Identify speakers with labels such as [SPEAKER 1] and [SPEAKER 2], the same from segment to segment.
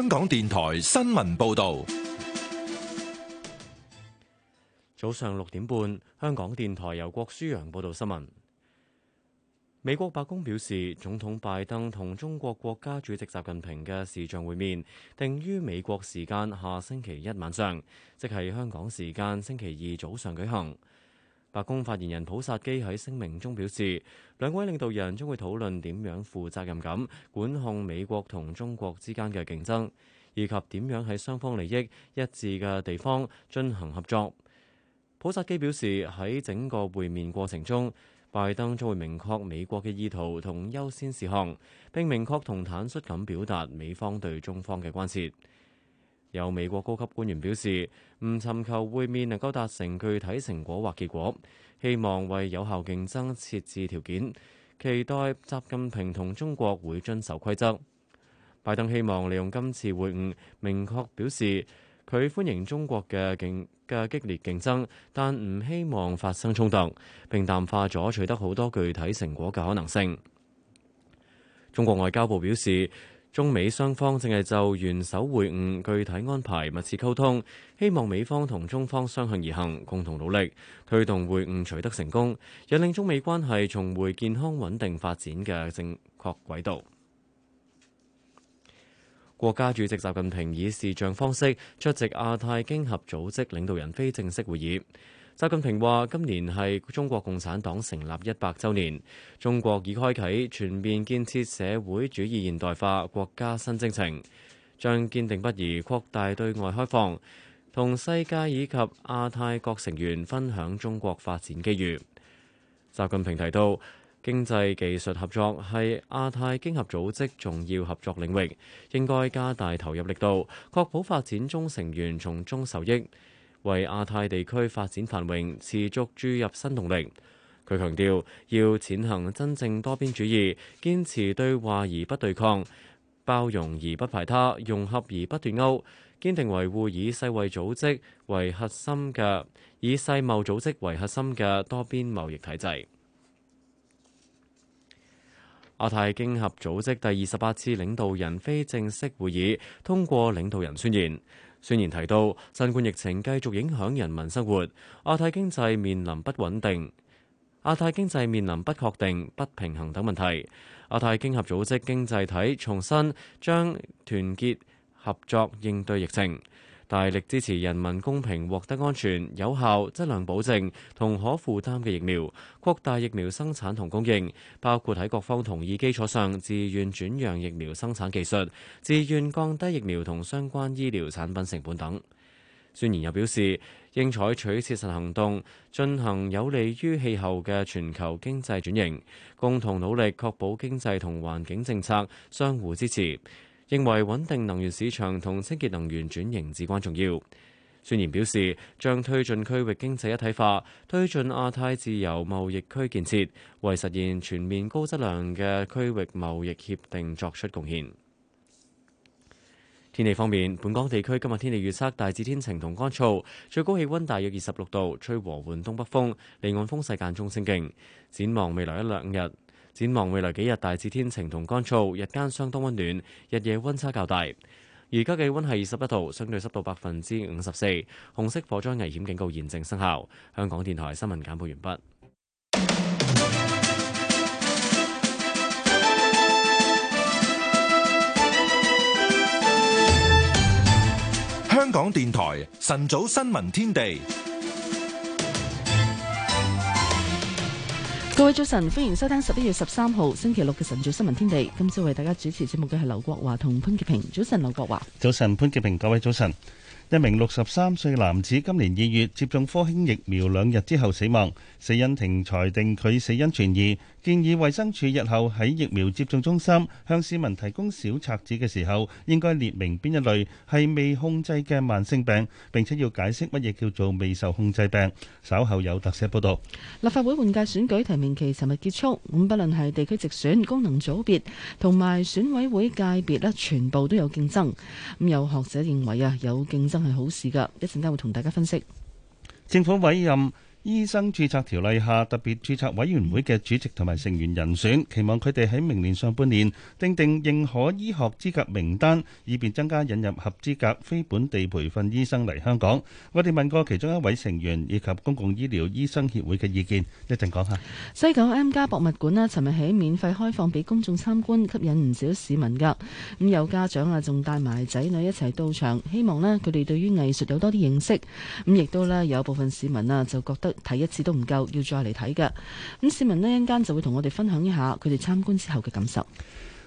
[SPEAKER 1] 香港電台新聞報道，早上六點半，香港電台由郭書陽報道新聞。美國白宮表示，總統拜登同中國國家主席習近平嘅視像會面，定於美國時間下星期一晚上，即係香港時間星期二早上舉行。白宮發言人普薩基喺聲明中表示，兩位領導人將會討論點樣負責任咁管控美國同中國之間嘅競爭，以及點樣喺雙方利益一致嘅地方進行合作。普薩基表示，喺整個會面過程中，拜登將會明確美國嘅意圖同優先事項，並明確同坦率咁表達美方對中方嘅關切。有美國高級官員表示，唔尋求會面能夠達成具體成果或結果，希望為有效競爭設置條件，期待習近平同中國會遵守規則。拜登希望利用今次會晤，明確表示佢歡迎中國嘅競嘅激烈競爭，但唔希望發生衝突，並淡化咗取得好多具體成果嘅可能性。中國外交部表示，中美雙方正係就元首會晤具體安排密切溝通，希望美方同中方相向而行，共同努力推動會晤取得成功，也令中美關係重回健康穩定發展嘅正確軌道。國家主席習近平以視像方式出席亞太經合組織領導人非正式會議。習近平話：今年係中國共產黨成立一百週年，中國已開啟全面建設社會主義現代化國家新征程，將堅定不移擴大對外開放，同世界以及亞太各成員分享中國發展機遇。習近平提到，經濟技術合作係亞太經合組織重要合作領域，應該加大投入力度，確保發展中成員從中受益。為亞太地區發展繁榮，持續注入新動力。佢強調要踐行真正多邊主義，堅持對話而不對抗，包容而不排他，融合而不斷勾，堅定維護以世衛組織為核心嘅、以世貿組織為核心嘅多邊貿易體制。亞太經合組織第二十八次領導人非正式會議通過領導人宣言。宣言提到，新冠疫情繼續影響人民生活，亞太經濟面臨不穩定、亞太經濟面臨不確定、不平衡等問題。亞太經合組織經濟體重申將團結合作應對疫情。大力支持人民公平獲得安全、有效、質量保證同可負擔嘅疫苗，擴大疫苗生產同供應，包括喺各方同意基礎上，自願轉讓疫苗生產技術，自願降低疫苗同相關醫療產品成本等。宣言又表示，應採取切實行動，進行有利於氣候嘅全球經濟轉型，共同努力確保經濟同環境政策相互支持。認為穩定能源市場同清潔能源轉型至關重要。孫言表示，將推進區域經濟一體化，推進亞太自由貿易區建設，為實現全面高質量嘅區域貿易協定作出貢獻。天氣方面，本港地區今日天氣預測，大致天晴同乾燥，最高氣温大約二十六度，吹和緩東北風，離岸風勢間中清勁。展望未來一兩日，展望未來幾日，大致天晴同乾燥，日間相當温暖，日夜温差較大。而家嘅溫係二十一度，相對濕度百分之五十四，紅色火災危險警告現正生效。香港電台新聞簡報完畢。
[SPEAKER 2] 香港電台晨早新聞天地。
[SPEAKER 3] 各位早晨，歡迎收聽十一月十三號星期六嘅晨早新聞天地。今朝為大家主持節目嘅係劉國華同潘潔平。早晨，劉國華。
[SPEAKER 4] 早晨，潘潔平。各位早晨。一名六十三歲嘅男子今年二月接種科興疫苗兩日之後死亡，死因庭裁定佢死因存疑。建議衞生署日後喺疫苗接種中心向市民提供小冊子嘅時候，應該列明邊一類係未控制嘅慢性病，並且要解釋乜嘢叫做未受控制病。稍後有特寫報道。
[SPEAKER 3] 立法會換屆選舉提名期尋日結束，咁，不論係地區直選、功能組別同埋選委會界別咧，全部都有競爭。咁有學者認為啊，有競爭係好事㗎。一陣間會同大家分析。
[SPEAKER 4] 政府委任醫生註冊條例下，特別註冊委員會嘅主席同埋成員人選，期望佢哋喺明年上半年訂定認可醫學資格名單，以便增加引入合資格非本地培訓醫生嚟香港。我哋問過其中一位成員以及公共醫療醫生協會嘅意見，一陣講下。
[SPEAKER 3] 西九 M 家博物館啦，尋日起免費開放俾公眾參觀，吸引唔少市民㗎。咁、嗯、有家長啊，仲帶埋仔女一齊到場，希望呢佢哋對於藝術有多啲認識。咁、嗯、亦都呢，有部分市民啊，就覺得。睇一次都唔夠，要再嚟睇㗎。咁市民呢一間就會同我哋分享一下佢哋參觀之後嘅感受。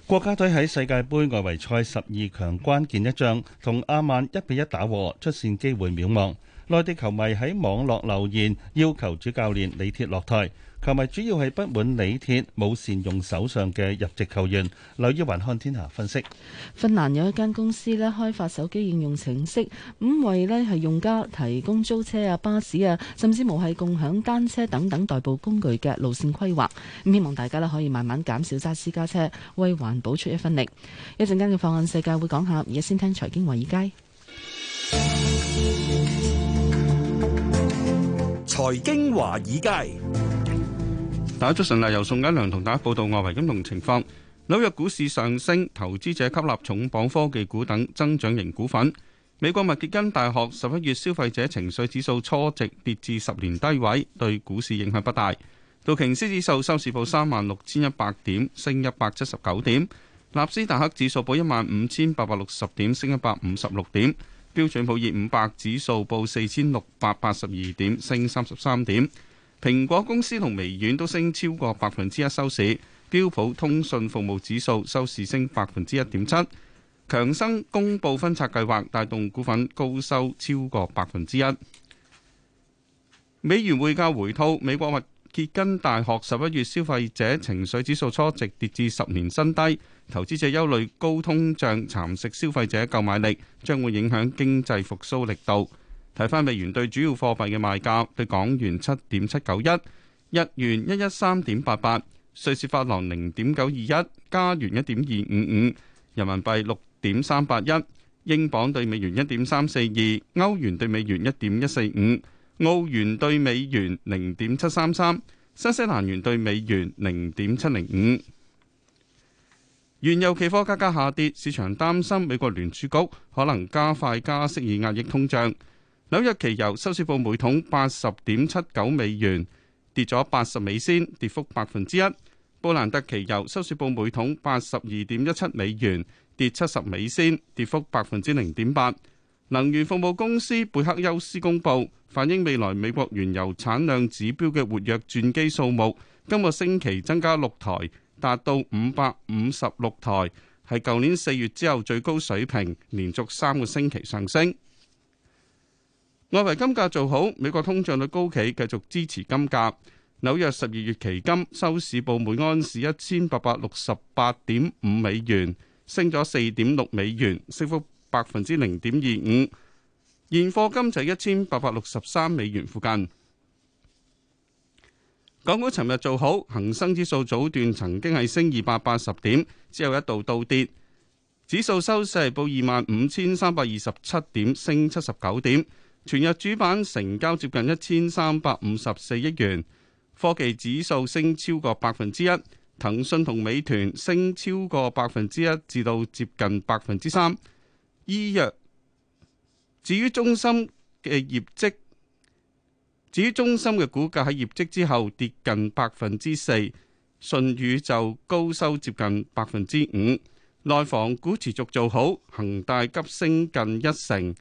[SPEAKER 3] 國家隊喺
[SPEAKER 4] 世界杯外圍賽十二強關鍵一仗同阿曼一比一打和，出線機會渺茫。內地球迷喺網絡留言要求主教練李鐵落台。球迷主要係不滿李鐵冇善用手上嘅入籍球員，劉一雲看
[SPEAKER 3] 天下分析。芬蘭有一間公司咧開發手機應用程式，咁為咧係用家提供租車啊、巴士啊，甚至無係共享單車等等代步工具嘅路線規劃。咁希望大家咧可以慢慢減少揸私家車，為環保出一分力。一陣間嘅放眼世界會講下，而家先聽財經華爾街。
[SPEAKER 5] 財經華爾街。早晨，由宋家良同大家報道外圍金融情況。紐約股市上升，投資者吸納重磅科技股等增長型股份。美國密歇根大學十一月消費者情緒指數初值跌至十年低位，對股市影響不大。道瓊斯指數收市報三萬六千一百點，升一百七十九點。納斯達克指數報一萬五千八百六十點，升一百五十六點。標準普爾五百指數報四千六百八十二點，升三十三點。蘋果公司同微軟都升超過百分之一收市，標普通訊服務指數收市升百分之一點七，強生公布分拆計劃，帶動股份高收超過百分之一。美元匯價回吐，美國密歇根大學十一月消費者情緒指數初值跌至十年新低，投資者憂慮高通脹蠶食消費者購買力，將會影響經濟復甦力度。睇翻美元對主要貨幣嘅賣價，對港元七點七九一，日元一一三點八八，瑞士法郎零點九二一，加元一點二五五，人民幣六點三八一，英鎊對美元一點三四二，歐元對美元一點一四五，澳元對美元零點七三三，新西蘭元對美元零點七零五。原油期貨價格下跌，市場擔心美國聯儲局可能加快加息以壓抑通脹。紐約期油收市報每桶八十點七九美元，跌咗八十美仙，跌幅百分之一。布蘭特期油收市報每桶八十二點一七美元，跌七十美仙，跌幅百分之零點八。能源服務公司貝克休斯公布，反映未來美國原油產量指標嘅活躍鑽機數目，今個星期增加六台，達到五百五十六台，係舊年四月之後最高水平，連續三個星期上升。外圍金價做好，美國通脹率高企，繼續支持金價。紐約十二月期金收市報每安士一千八百六十八點五美元，升咗四點六美元，升幅百分之零點二五。現貨金就一千八百六十三美元附近。港股尋日做好，恒生指數早段曾經係升二百八十點，之後一度倒跌，指數收市報二萬五千三百二十七點，升七十九點。全日主板成交接近一千三百五十四億元，科技指數升超過百分之一，騰訊同美團升超過百分之一至到接近百分之三，醫藥至於中芯嘅業績，至於中芯嘅股價喺業績之後跌近百分之四，信宇就高收接近百分之五，內房股持續做好，恒大急升近一成。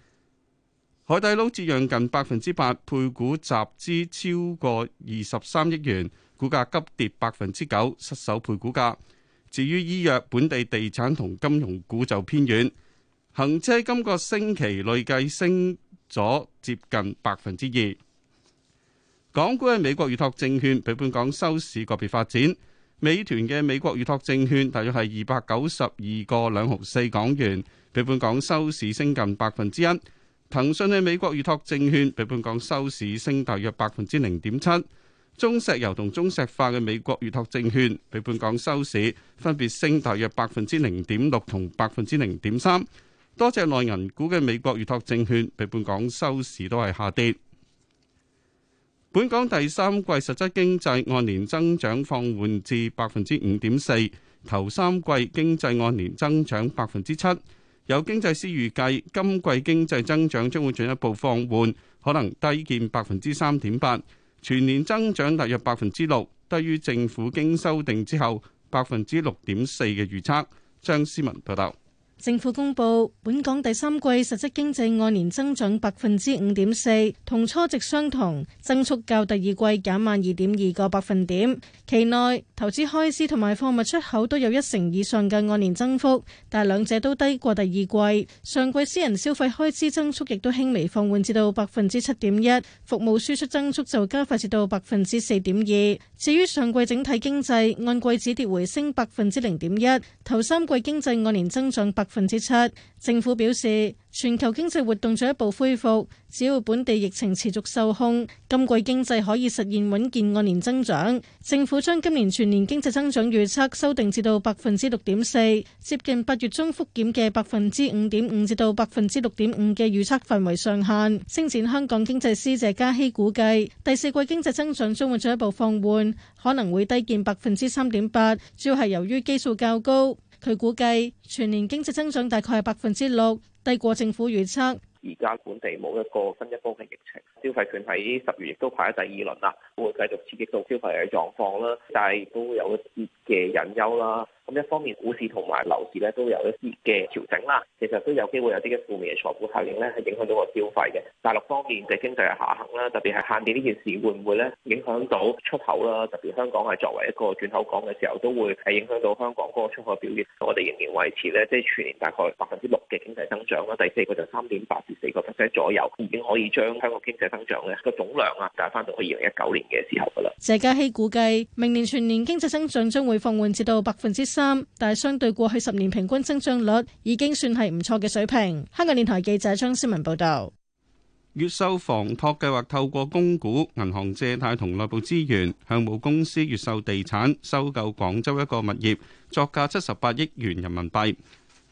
[SPEAKER 5] 海底撈折讓近百分之八，配股集資超過二十三億元，股價急跌百分之九，失守配股價。至於醫藥、本地地產同金融股就偏軟，恒車今個星期累計升咗接近百分之二。港股嘅美國預託證券，比本港收市個別發展。美團嘅美國預託證券大約係二百九十二個兩毫四港元，比本港收市升近百分之一。騰訊嘅美國預託證券比本港收市升大約百分之零點七，中石油同中石化嘅美國預託證券比本港收市分別升大約百分之零點六同百分之零點三。多隻內銀股嘅美國預託證券比本港收市都係下跌。本港第三季實質經濟按年增長放緩至百分之五點四，頭三季經濟按年增長百分之七。有經濟師預計，今季經濟增長將會進一步放緩，可能低見百分之三點八，全年增長大約百分之六，低於政府經修訂之後百分之六點四嘅預測。張思文報道。
[SPEAKER 6] 政府公布本港第三季實質經濟按年增長百分之五點四，同初值相同，增速較第二季減慢二點二個百分點。期內投資開支同埋貨物出口都有一成以上嘅按年增幅，但兩者都低過第二季。上季私人消費開支增速亦都輕微放緩至到百分之七點一，服務輸出增速就加快至到百分之四點二。至於上季整體經濟按季止跌回升百分之零點一，頭三季經濟按年增長百分之七。政府表示，全球經濟活動進一步恢復，只要本地疫情持續受控，今季經濟可以實現穩健按年增長。政府將今年全年經濟增長預測修訂至到百分之六點四，接近八月中復檢嘅百分之五點五至到百分之六點五嘅預測範圍上限。星展香港經濟師謝嘉希估計，第四季經濟增長將會進一步放緩，可能會低見百分之三點八，主要係由於基數較高。佢估計全年經濟增長大概係百分之六，低過政府預測。
[SPEAKER 2] 而家本地冇一個新一波嘅疫情，消費券喺十月亦都排喺第二輪啦，會繼續刺激到消費嘅狀況啦，但係亦都會有啲嘅隱憂啦。咁、嗯、一方面股市同埋樓市咧都有一啲嘅調整啦，其實都有機會有啲嘅負面嘅財富效應咧，係影響到個消費嘅。大陸方面嘅經濟係下行啦，特別係限電，呢件事會唔會咧影響到出口啦？特別香港係作為一個轉口港嘅時候，都會係影響到香港嗰個出口表現。我哋仍然維持咧，即係全年大概百分之六嘅經濟增長啦。第四個就三點八至四個 percent 左右，已經
[SPEAKER 7] 可以將香港經濟增長咧個總量啊帶翻到去二零一九年嘅時候噶啦。
[SPEAKER 6] 謝家希估計明年全年經濟增長將會放緩至到百分之。三，但係相對過去十年平均增長率已經算係唔錯嘅水平。香港電台記者張思文報道，
[SPEAKER 5] 越秀房託計劃透過供股銀行借貸同內部資源，向母公司越秀地產收購廣州一個物業，作價七十八億元人民幣。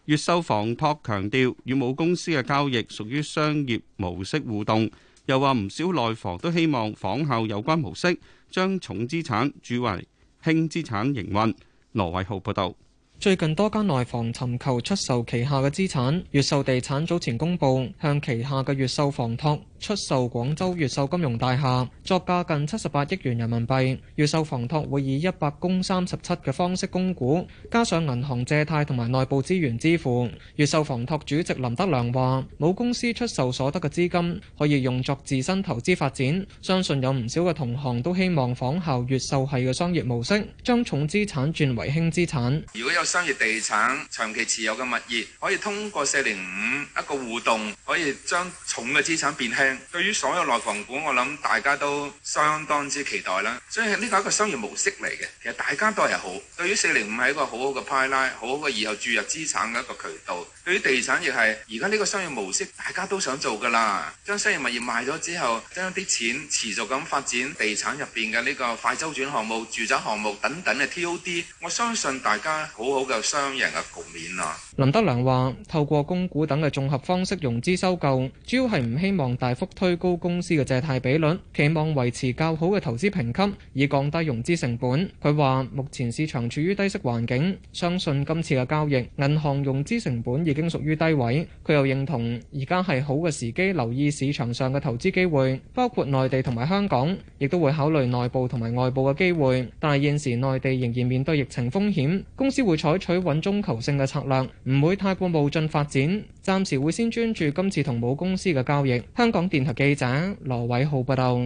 [SPEAKER 5] 越秀房託強調，與母公司嘅交易屬於商業模式互動，又話唔少內房都希望仿效有關模式，將重資產轉為輕資產營運。羅偉浩報道：
[SPEAKER 8] 最近多間內房尋求出售旗下嘅資產，越秀地產早前公布，向旗下嘅越秀房託。出售廣州越秀金融大廈作價近七十八億元人民幣，越秀房託會以一百公三十七嘅方式供股，加上銀行借貸同埋內部資源支付。越秀房託主席林德良話，母公司出售所得嘅資金可以用作自身投資發展，相信有唔少嘅同行都希望仿效越秀系嘅商業模式，將重資產轉為輕資產。
[SPEAKER 9] 如果有商業地產長期持有嘅物業，可以通過四零五一個互動，可以將重嘅資產變輕。對於所有內房股，我諗大家都相當之期待啦。所以呢個係一個商業模式嚟嘅，其實大家都係好。對於四零五係一個好好嘅派拉，好好嘅以後注入資產嘅一個渠道。對於地產亦係，而家呢個商業模式大家都想做噶啦。將商業物業賣咗之後，將啲錢持續咁發展地產入邊嘅呢個快周轉項目、住宅項目等等嘅 TOD，我相信大家好好嘅商業嘅局面啊！
[SPEAKER 8] 林德良話：透過供股等嘅綜合方式融資收購，主要係唔希望大幅推高公司嘅借貸比率，期望維持較好嘅投資評級，以降低融資成本。佢話：目前市場處於低息環境，相信今次嘅交易，銀行融資成本已經屬於低位。佢又認同而家係好嘅時機，留意市場上嘅投資機會，包括內地同埋香港，亦都會考慮內部同埋外部嘅機會。但係現時內地仍然面對疫情風險，公司會採取穩中求勝嘅策略。唔會太過冒進發展，暫時會先專注今次同母公司嘅交易。香港電台記者羅偉浩報道。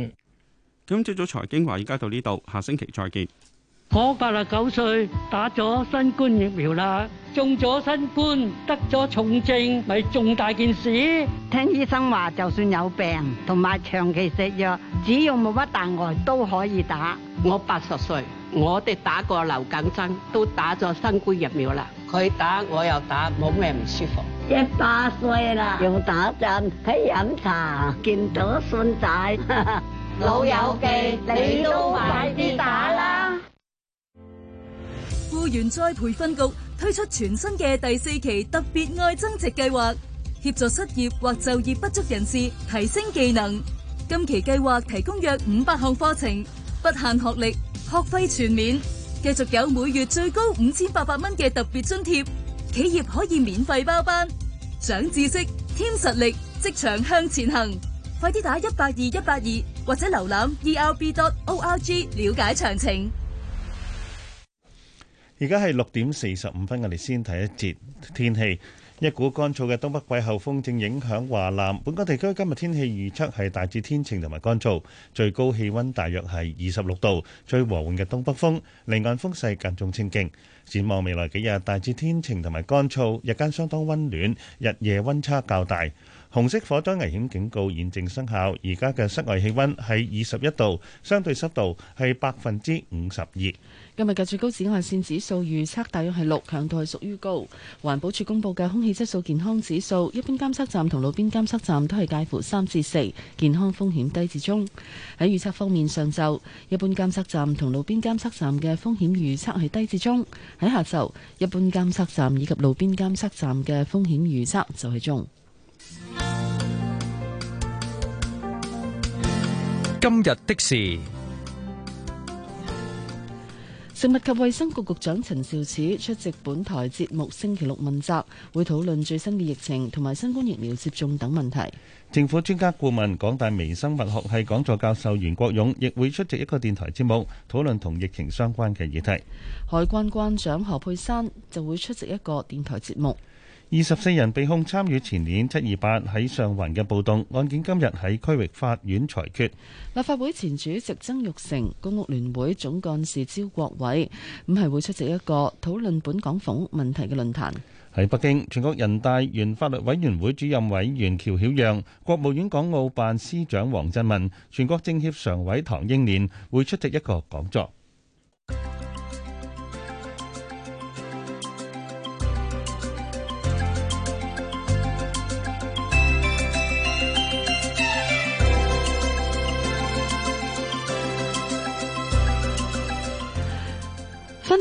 [SPEAKER 5] 今朝早財經話，而家到呢度，下星期再見。
[SPEAKER 8] 我八十九歲，打咗新冠疫苗啦，中咗新
[SPEAKER 10] 冠，得咗重症，咪重大件事。聽醫生話，就算有
[SPEAKER 3] 病同埋長期食藥，只要冇乜大礙都可以打。我八十歲，我哋打過流感針，都打咗新冠疫苗啦。佢打，我又打，冇咩唔舒服。一
[SPEAKER 6] 百歲啦，
[SPEAKER 3] 又打針，喺飲茶，
[SPEAKER 6] 見到信仔，
[SPEAKER 10] 老友記，你都快啲打
[SPEAKER 1] 啦！
[SPEAKER 11] 僱員再培訓局推出全新嘅第四期特別愛增值計劃，協助失業或就業不足人士提升技能。今期計劃提供約五百項課程，不限學歷，學費全免，繼續有每月最高五千八百蚊嘅特別津貼。企業可以免費包班，漲知識、添實力，職場向前行。快啲打一八二一八二，或者瀏覽 erb.org 了解詳情。
[SPEAKER 4] 而家係六點四十五分，我哋先睇一節天氣。一股乾燥嘅東北季候風正影響華南。本港地區今日天氣預測係大致天晴同埋乾燥，最高氣温大約係二十六度，最和緩嘅東北風，離岸風勢間中清勁。展望未來幾日，大致天晴同埋乾燥，日間相當温暖，日夜温差較大。紅色火災危險警告現正生效，而家嘅室外氣温係二十一度，相對濕度係百分之五十二。
[SPEAKER 3] 今日嘅最高紫外線指數預測大約係六，強度係屬於高。環保署公佈嘅空氣質素健康指數，一般監測站同路邊監測站都係介乎三至四，健康風險低至中。喺預測方面，上晝一般監測站同路邊監測站嘅風險預測係低至中；喺下晝，一般監測站以及路邊監測站嘅風險預測就係中。
[SPEAKER 12] 今日的事。
[SPEAKER 3] 食物及衛生局局長陳肇始出席本台節目星期六問責，會討論最新嘅疫情同埋新冠疫苗接種等問題。政府專家顧
[SPEAKER 4] 問、港大微生物學系講座教授袁國勇亦會出席一個電台節目，討論同疫情相關嘅議題。
[SPEAKER 3] 海關關長何佩珊就會出席一個電台節
[SPEAKER 4] 目。二十四人被控參與前年七二八喺上環嘅暴動，案件今日喺
[SPEAKER 3] 區域法院裁決。立法會前主席曾鈺成、公屋聯會總幹事招國偉，咁係會出席一個討論本港房屋問題嘅論壇。喺
[SPEAKER 4] 北京，全國人大原法律委員會主任委員喬曉陽、國務院港澳辦司長王振文、全國政協常委唐英年會出席一個講座。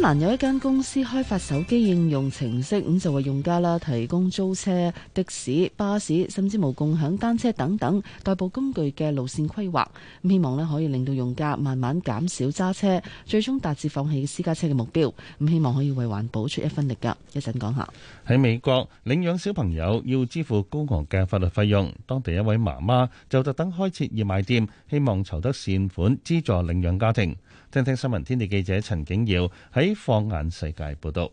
[SPEAKER 3] 南有一間公司開發手機應用程式，咁就為用家啦提供租車、的士、巴士，甚至冇共享單車等等代步工具嘅路線規劃，咁希望咧可以令到用家慢慢減少揸車，最終達至放棄私家車嘅目標，咁希望可以為環保出一分力噶。一陣講下喺
[SPEAKER 4] 美國領養小朋友要支付高昂嘅法律費用，當地一位媽媽就特登開設義賣店，希望籌得善款資助領養家庭。聽聽新聞天地記者陳景耀喺放眼世界報道。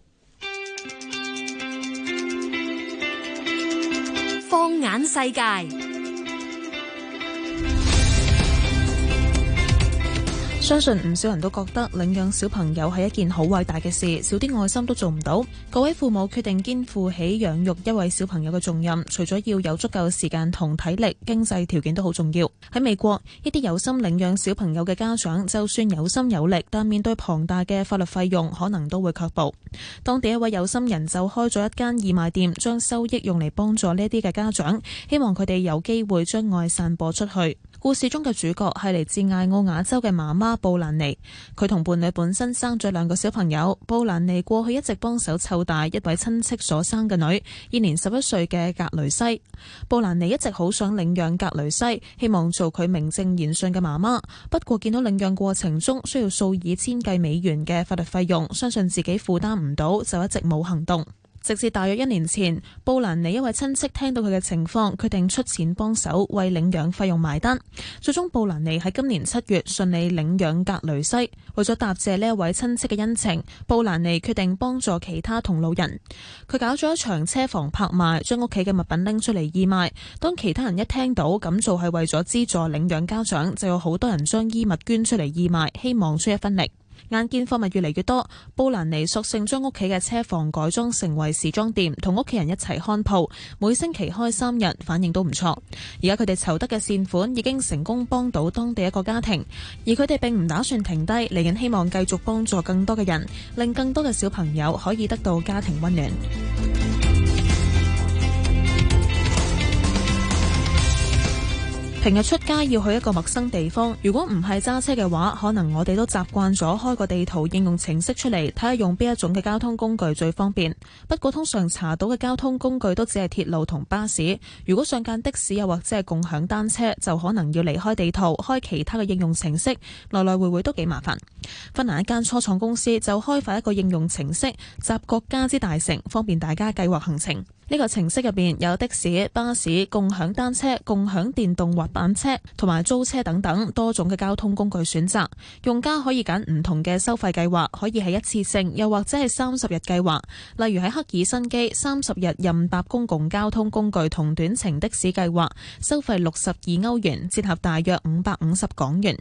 [SPEAKER 13] 放眼世界。報
[SPEAKER 14] 相信唔少人都覺得領養小朋友係一件好偉大嘅事，少啲愛心都做唔到。各位父母決定肩負起養育一位小朋友嘅重任，除咗要有足夠時間同體力，經濟條件都好重要。喺美國，一啲有心領養小朋友嘅家長，就算有心有力，但面對龐大嘅法律費用，可能都會卻步。當地一位有心人就開咗一間義賣店，將收益用嚟幫助呢啲嘅家長，希望佢哋有機會將愛散播出去。故事中嘅主角係嚟自艾奧雅州嘅媽媽布蘭尼，佢同伴侶本身生咗兩個小朋友。布蘭尼過去一直幫手湊大一位親戚所生嘅女，現年十一歲嘅格雷西。布蘭尼一直好想領養格雷西，希望做佢名正言順嘅媽媽。不過見到領養過程中需要數以千計美元嘅法律費用，相信自己負擔唔到，就一直冇行動。直至大約一年前，布蘭尼一位親戚聽到佢嘅情況，決定出錢幫手為領養費用埋單。最終，布蘭尼喺今年七月順利領養格雷西。為咗答謝呢一位親戚嘅恩情，布蘭尼決定幫助其他同路人。佢搞咗一場車房拍賣，將屋企嘅物品拎出嚟義賣。當其他人一聽到咁做係為咗資助領養家長，就有好多人將衣物捐出嚟義賣，希望出一分力。眼見貨物越嚟越多，布蘭尼索性將屋企嘅車房改裝成為時裝店，同屋企人一齊看鋪，每星期開三日，反應都唔錯。而家佢哋籌得嘅善款已經成功幫到當地一個家庭，而佢哋並唔打算停低，嚟緊希望繼續幫助更多嘅人，令更多嘅小朋友可以得到家庭溫暖。平日出街要去一個陌生地方，如果唔係揸車嘅話，可能我哋都習慣咗開個地圖應用程式出嚟睇下用邊一種嘅交通工具最方便。不過通常查到嘅交通工具都只係鐵路同巴士，如果想揀的士又或者係共享單車，就可能要離開地圖，開其他嘅應用程式，來來回回都幾麻煩。芬蘭一間初創公司就開發一個應用程式，集各家之大成，方便大家計劃行程。呢個程式入邊有的士、巴士、共享單車、共享電動滑板車同埋租車等等多種嘅交通工具選擇，用家可以揀唔同嘅收費計劃，可以係一次性，又或者係三十日計劃。例如喺赫爾辛基，三十日任搭公共交通工具同短程的士計劃，收費六十二歐元，折合大約五百五十港元。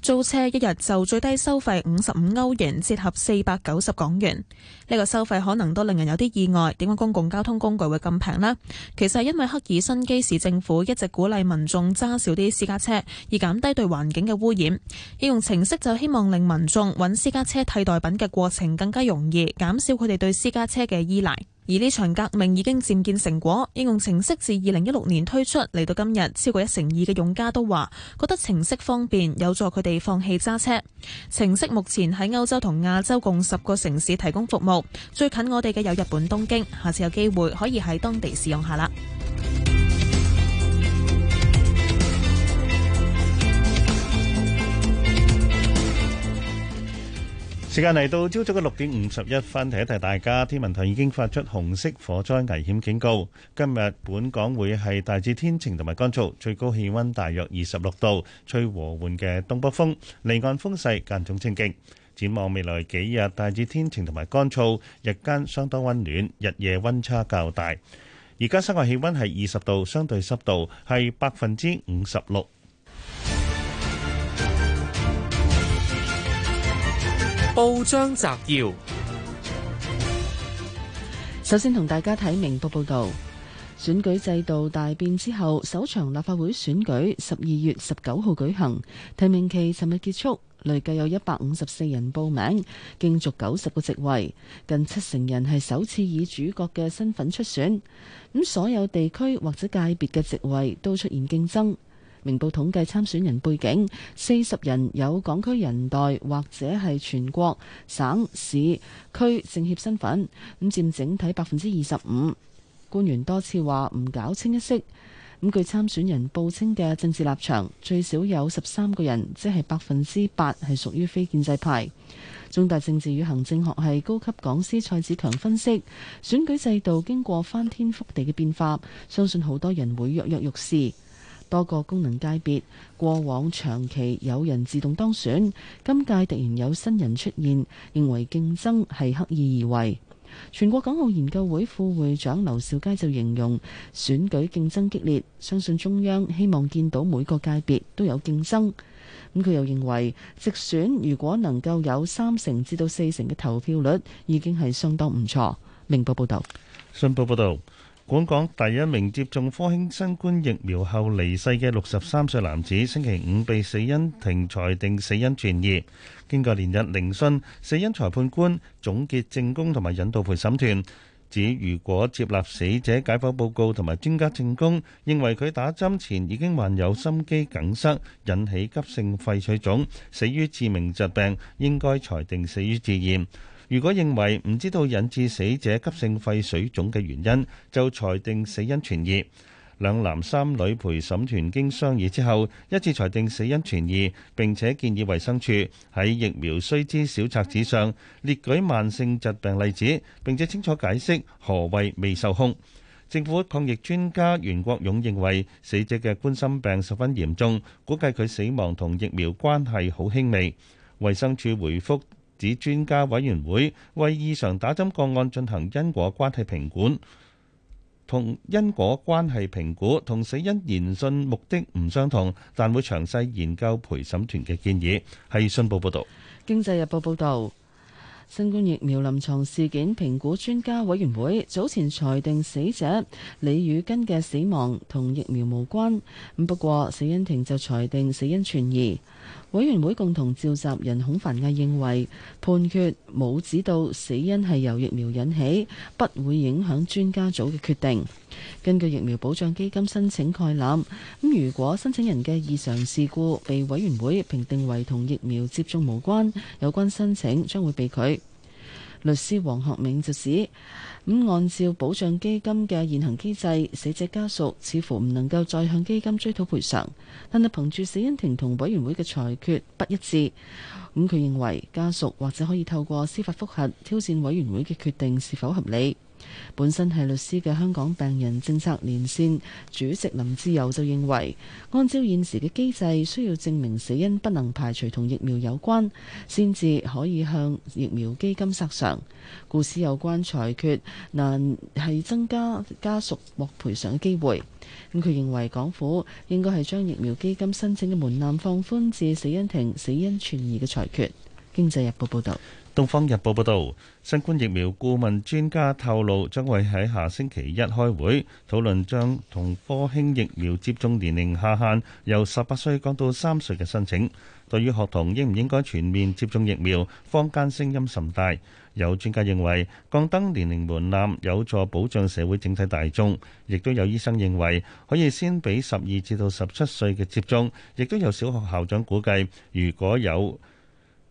[SPEAKER 14] 租車一日就最低收費五十五歐元，折合四百九十港元。呢個收費可能都令人有啲意外，點解公共交通工具會咁平呢？其實係因為克爾辛基市政府一直鼓勵民眾揸少啲私家車，以減低對環境嘅污染。應用程式就希望令民眾揾私家車替代品嘅過程更加容易，減少佢哋對私家車嘅依賴。而呢場革命已經漸見成果，應用程式自二零一六年推出嚟到今日，超過一成二嘅用家都話覺得程式方便，有助佢哋放棄揸車。程式目前喺歐洲同亞洲共十個城市提供服務，最近我哋嘅有日本東京，下次有機會可以喺當地試用下啦。
[SPEAKER 4] 時間嚟到朝早嘅六點五十一分，提一提大家，天文台已經發出紅色火災危險警告。今日本港會係大致天晴同埋乾燥，最高氣溫大約二十六度，吹和緩嘅東北風，離岸風勢間中清勁。展望未來幾日，大致天晴同埋乾燥，日間相當溫暖，日夜溫差較大。而家室外氣溫係二十度，相對濕度係百分之五十六。
[SPEAKER 1] 報章摘要：
[SPEAKER 3] 首先同大家睇明報報道，選舉制度大變之後，首場立法會選舉十二月十九號舉行，提名期尋日結束，累計有一百五十四人報名，競逐九十個席位，近七成人係首次以主角嘅身份出選，咁所有地區或者界別嘅席位都出現競爭。明報統計參選人背景，四十人有港區人代或者係全國、省市區政協身份，咁佔整體百分之二十五。官員多次話唔搞清一色，咁據參選人報稱嘅政治立場，最少有十三個人，即係百分之八係屬於非建制派。中大政治與行政學系高級講師蔡子強分析，選舉制度經過翻天覆地嘅變化，相信好多人會躍躍欲試。多個功能界別過往長期有人自動當選，今屆突然有新人出現，認為競爭係刻意而為。全國港澳研究會副會長劉兆佳就形容選舉競爭激烈，相信中央希望見到每個界別都有競爭。咁佢又認為直選如果能夠有三成至到四成嘅投票率，已經係相當唔錯。明報報道，信報報
[SPEAKER 4] 道。本港第一名接種科興新冠疫苗後離世嘅六十三歲男子，星期五被死因庭裁定死因存疑。經過連日聆訊，死因裁判官總結證供同埋引導陪審團，指如果接納死者解剖報告同埋專家證供，認為佢打針前已經患有心肌梗塞，引起急性肺水腫，死於致命疾病，應該裁定死於自然。如果認為唔知道引致死者急性肺水腫嘅原因，就裁定死因存疑。兩男三女陪審團經商議之後，一致裁定死因存疑，並且建議衞生署喺疫苗須知小冊子上列舉慢性疾病例子，並且清楚解釋何謂未受控。政府抗疫專家袁國勇認為，死者嘅冠心病十分嚴重，估計佢死亡同疫苗關係好輕微。衞生署回覆。指專家委員會為異常打針個案進行因果關係評估，同因果關係評估同死因言訊目的唔相同，但會詳細研究陪審團嘅建議。係信報報導，
[SPEAKER 3] 《經濟日報》報道。新冠疫苗臨牀事件評估專家委員會早前裁定死者李宇根嘅死亡同疫苗無關，咁不過死因庭就裁定死因存疑。委員會共同召集人孔凡毅認為判決冇指到死因係由疫苗引起，不會影響專家組嘅決定。根據疫苗保障基金申請概覽，咁如果申請人嘅異常事故被委員會評定為同疫苗接種無關，有關申請將會被拒。律師黃學明就指，咁按照保障基金嘅現行機制，死者家屬似乎唔能夠再向基金追討賠償，但係憑住死因庭同委員會嘅裁決不一致，咁佢認為家屬或者可以透過司法覆核挑戰委員會嘅決定是否合理。本身係律師嘅香港病人政策連線主席林志友就認為，按照現時嘅機制，需要證明死因不能排除同疫苗有關，先至可以向疫苗基金索償。故此有關裁決難係增加家屬獲賠償嘅機會。咁佢認為港府應該係將疫苗基金申請嘅門檻放寬至死因庭死因存疑嘅裁決。經濟日報報導。
[SPEAKER 4] 《東方日報》報導，新冠疫苗顧問專家透露，將會喺下星期一開會討論將同科興疫苗接種年齡下限由十八歲降到三歲嘅申請。對於學童應唔應該全面接種疫苗，坊間聲音甚大。有專家認為降低年齡門檻有助保障社會整體大眾，亦都有醫生認為可以先俾十二至到十七歲嘅接種，亦都有小學校長估計如果有。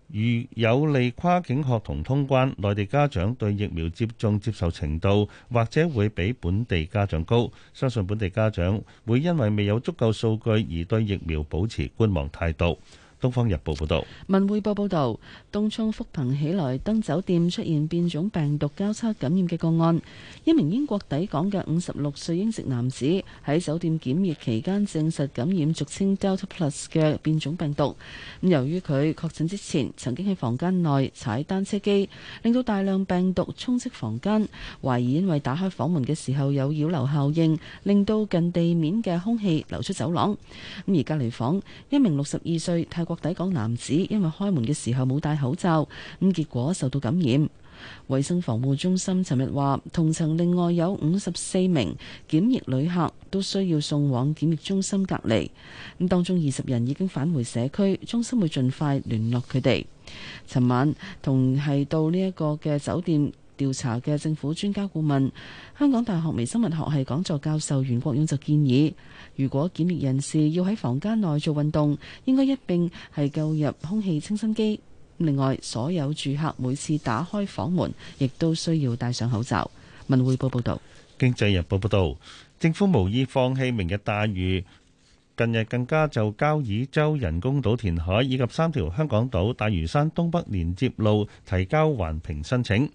[SPEAKER 4] 如有利跨境學童通關，內地家長對疫苗接種接受程度或者會比本地家長高。相信本地家長會因為未有足夠數據而對疫苗保持觀望態度。東方日報報道，
[SPEAKER 3] 文匯報報道，東涌福朋喜來登酒店出現變種病毒交叉感染嘅個案。一名英國抵港嘅五十六歲英籍男子喺酒店檢疫期間證實感染俗稱 Delta Plus 嘅變種病毒。咁由於佢確診之前曾經喺房間內踩單車機，令到大量病毒充斥房間，懷疑因為打開房門嘅時候有擾流效應，令到近地面嘅空氣流出走廊。咁而隔離房一名六十二歲。國抵港男子因為開門嘅時候冇戴口罩，咁結果受到感染。衛生防護中心尋日話，同層另外有五十四名檢疫旅客都需要送往檢疫中心隔離，咁當中二十人已經返回社區，中心會盡快聯絡佢哋。尋晚同係到呢一個嘅酒店，調查嘅政府專家顧問，香港大學微生物學系講座教授袁國勇就建議，如果檢疫人士要喺房間內做運動，應該一並係購入空氣清新機。另外，所有住客每次打開房門，亦都需要戴上口罩。文匯報報導，《
[SPEAKER 4] 經濟日報》報導，政府無意放棄明日大嶼，近日更加就交椅洲人工島填海以及三條香港島大嶼山東北連接路提交環評申請。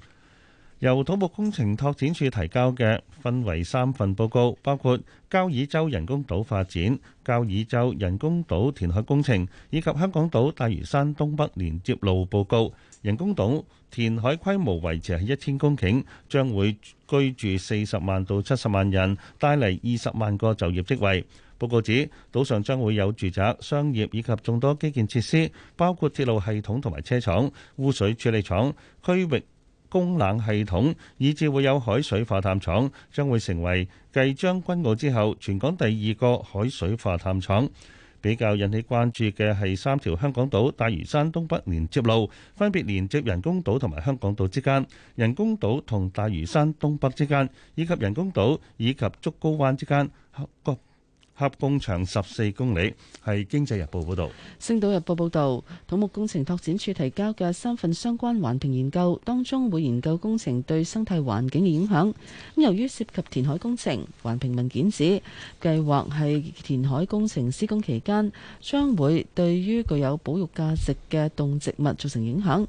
[SPEAKER 4] 由土木工程拓展署提交嘅分為三份報告，包括交椅洲人工島發展、交椅洲人工島填海工程，以及香港島大嶼山東北連接路報告。人工島填海規模維持係一千公頃將會居住四十萬到七十萬人，帶嚟二十萬個就業職位。報告指，島上將會有住宅、商業以及眾多基建設施，包括鐵路系統同埋車廠污水處理廠區域供冷系統，以至會有海水化淡廠，將會成為繼將軍澳之後，全港第二個海水化淡廠。比較引起關注嘅係三條香港島大嶼山東北連接路，分別連接人工島同埋香港島之間、人工島同大嶼山東北之間，以及人工島以及竹篙灣之間合共長十四公里，係
[SPEAKER 3] 《經濟日報》報道，《星島日報》報道，土木工程拓展署提交嘅三份相關環評研究當中，會研究工程對生態環境嘅影響。咁由於涉及填海工程，環評文件指計劃係填海工程施工期間，將會對於具有保育價值嘅動植物造成影響。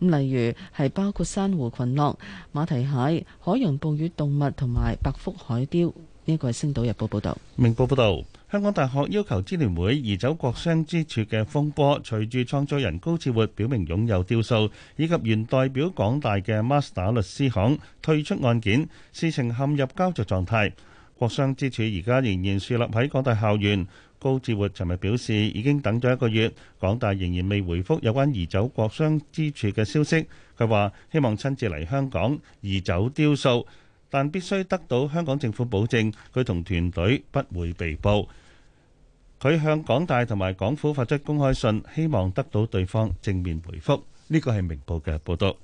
[SPEAKER 3] 咁例如係包括珊瑚群落、馬蹄蟹、海洋哺乳動物同埋白腹海雕。呢個係《星島日報》報導，
[SPEAKER 4] 《明報》報導，香港大學要求支聯會移走國殤之柱嘅風波，隨住創作人高志活表明擁有雕塑，以及原代表港大嘅 Master 律師行退出案件，事情陷入膠著狀態。國殤之柱而家仍然樹立喺港大校園。高志活尋日表示，已經等咗一個月，港大仍然未回覆有關移走國殤之柱嘅消息。佢話希望親自嚟香港移走雕塑。但必須得到香港政府保證，佢同團隊不會被捕。佢向港大同埋港府發出公開信，希望得到對方正面回覆。呢個係明報嘅報導。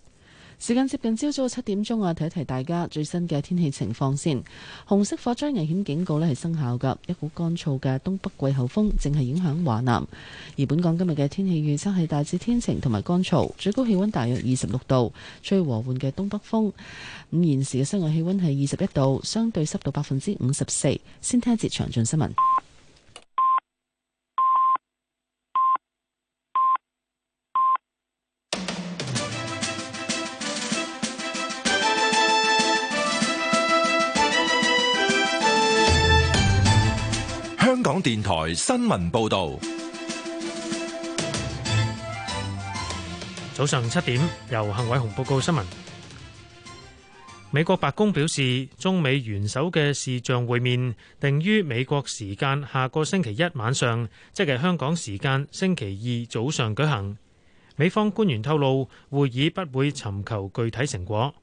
[SPEAKER 3] 時間接近朝早七點鐘啊，提一提大家最新嘅天氣情況先。紅色火災危險警告呢係生效噶，一股乾燥嘅東北季候風正係影響華南。而本港今日嘅天氣預測係大致天晴同埋乾燥，最高氣温大約二十六度，吹和緩嘅東北風。咁現時嘅室外氣温係二十一度，相對濕度百分之五十四。先聽一節詳盡新聞。
[SPEAKER 2] 香港電台新聞報道，
[SPEAKER 15] 早上七點由幸偉雄報告新聞。美國白宮表示，中美元首嘅視像會面定於美國時間下個星期一晚上，即係香港時間星期二早上舉行。美方官員透露，會議不會尋求具體成果。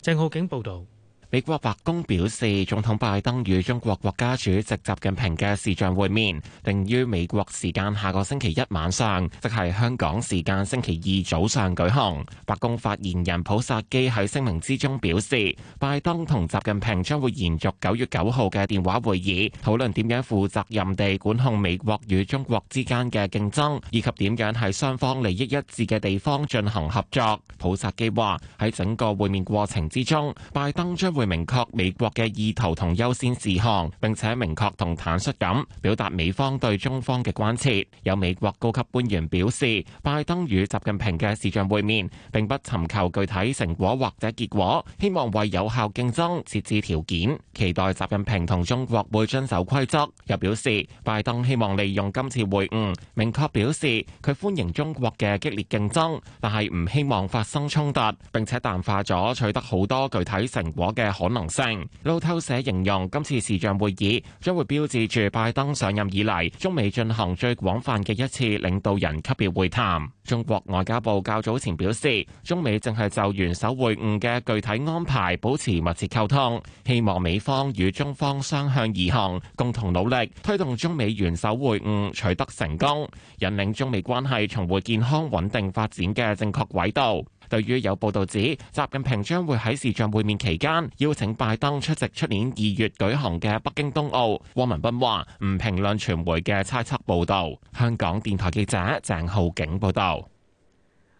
[SPEAKER 15] 鄭浩景報道。美國白宮表示，
[SPEAKER 7] 總統拜登與中國國家主席習近平嘅視像會面，定於美國時間下個星期一晚上，即係香港時間星期二早上舉行。白宮發言人普薩基喺聲明之中表示，拜登同習近平將會延續九月九號嘅電話會議，討論點樣負責任地管控美國與中國之間嘅競爭，以及點樣喺雙方利益一致嘅地方進行合作。普薩基話喺整個會面過程之中，拜登將會明確美國嘅意圖同優先事項，並且明確同坦率咁表達美方對中方嘅關切。有美國高級官員表示，拜登與習近平嘅視像會面，並不尋求具體成果或者結果，希望為有效競爭設置條件，期待習近平同中國會遵守規則。又表示，拜登希望利用今次會晤，明確表示佢歡迎中國嘅激烈競爭，但係唔希望發生衝突，並且淡化咗取得好多具體成果嘅。嘅可能性，路透社形容今次視像會議將會標誌住拜登上任以嚟中美進行最廣泛嘅一次領導人級別會談。中國外交部較早前表示，中美正係就元首會晤嘅具體安排保持密切溝通，希望美方與中方雙向而行，共同努力推動中美元首會晤取得成功，引領中美關係重回健康穩定發展嘅正確軌道。對於有報道指習近平將會喺視像會面期間邀請拜登出席出年二月舉行嘅北京冬奧，汪文斌話唔評論傳媒嘅猜測報道。香港電台記者鄭浩景報道。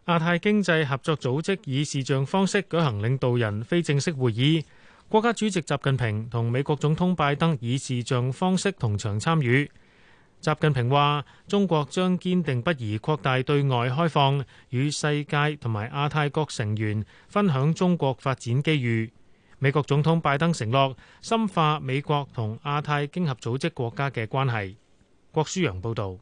[SPEAKER 15] 亞太經濟合作組織以視像方式舉行領導人非正式會議，國家主席習近平同美國總統拜登以視像方式同場參與。習近平話：中國將堅定不移擴大對外開放，與世界同埋亞太各成員分享中國發展機遇。美國總統拜登承諾深化美國同亞太經合組織國家嘅關係。郭舒陽報導。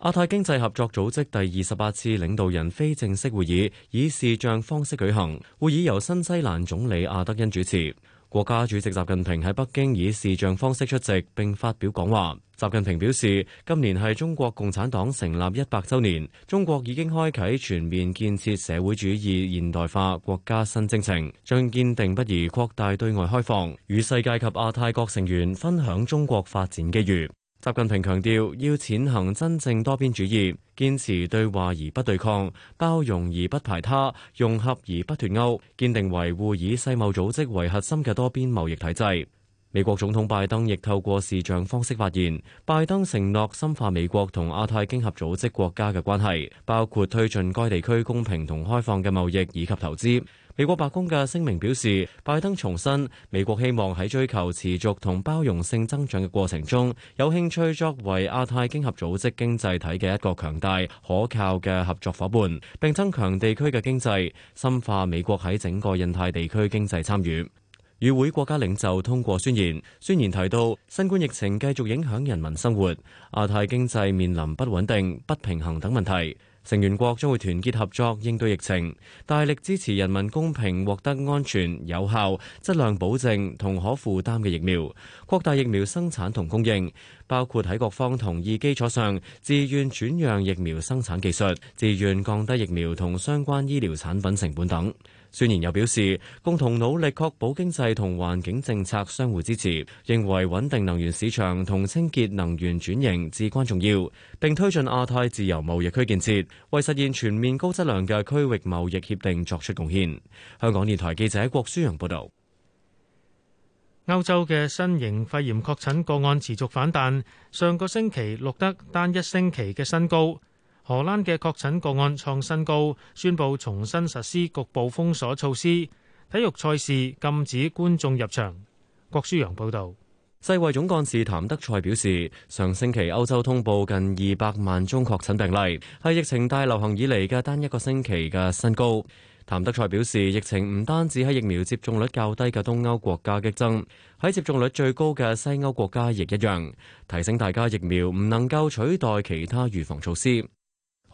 [SPEAKER 1] 亞太經濟合作組織第二十八次領導人非正式會議以視像方式舉行。會議由新西蘭總理阿德恩主持。國家主席習近平喺北京以視像方式出席並發表講話。習近平表示，今年係中國共產黨成立一百周年，中國已經開啟全面建設社會主義現代化國家新征程，將堅定不移擴大對外開放，與世界及亞太各成員分享中國發展機遇。習近平強調要踐行真正多邊主義，堅持對話而不對抗，包容而不排他，融合而不脫鉤，堅定維護以世貿組織為核心嘅多邊貿易體制。美國總統拜登亦透過視像方式發言，拜登承諾深化美國同亞太經合組織國家嘅關係，包括推進該地區公平同開放嘅貿易以及投資。美國白宮嘅聲明表示，拜登重申美國希望喺追求持續同包容性增長嘅過程中，有興趣作為亞太經合組織經濟體嘅一個強大可靠嘅合作夥伴，並增強地區嘅經濟，深化美國喺整個印太地區經濟參與。與會國家領袖通過宣言，宣言提到，新冠疫情繼續影響人民生活，亞太經濟面臨不穩定、不平衡等問題。成員國將會團結合作，應對疫情，大力支持人民公平獲得安全、有效、質量保證同可負擔嘅疫苗，擴大疫苗生產同供應，包括喺各方同意基礎上，自願轉讓疫苗生產技術，自願降低疫苗同相關醫療產品成本等。宣言又表示，共同努力確保經濟同環境政策相互支持，認為穩定能源市場同清潔能源轉型至關重要，並推進亞太自由貿易區建設，為實現全面高質量嘅區域貿易協定作出貢獻。香港電台記者郭舒揚報道。
[SPEAKER 15] 歐洲嘅新型肺炎確診個案持續反彈，上個星期錄得單一星期嘅新高。荷蘭嘅確診個案創新高，宣布重新實施局部封鎖措施，體育賽事禁止觀眾入場。郭舒陽報
[SPEAKER 1] 導。世衛總幹事譚德塞表示，上星期歐洲通報近二百萬宗確診病例，係疫情大流行以嚟嘅單一個星期嘅新高。譚德塞表示，疫情唔單止喺疫苗接種率較低嘅東歐國家激增，喺接種率最高嘅西歐國家亦一樣。提醒大家，疫苗唔能夠取代其他預防措施。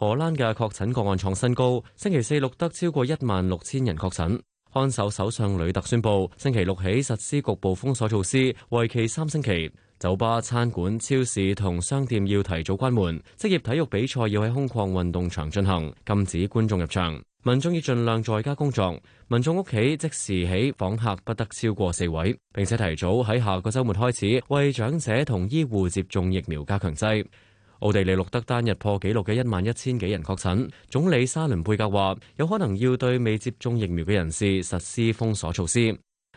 [SPEAKER 1] 荷蘭嘅確診個案創新高，星期四錄得超過一萬六千人確診。看守首相呂特宣布，星期六起實施局部封鎖措施，為期三星期。酒吧、餐館、超市同商店要提早關門。職業體育比賽要喺空曠運動場進行，禁止觀眾入場。民眾要盡量在家工作。民眾屋企即時起訪客不得超過四位。並且提早喺下個週末開始為長者同醫護接種疫苗加強劑。奧地利錄得單日破紀錄嘅一萬一千幾人確診，總理沙倫貝格話有可能要對未接種疫苗嘅人士實施封鎖措施。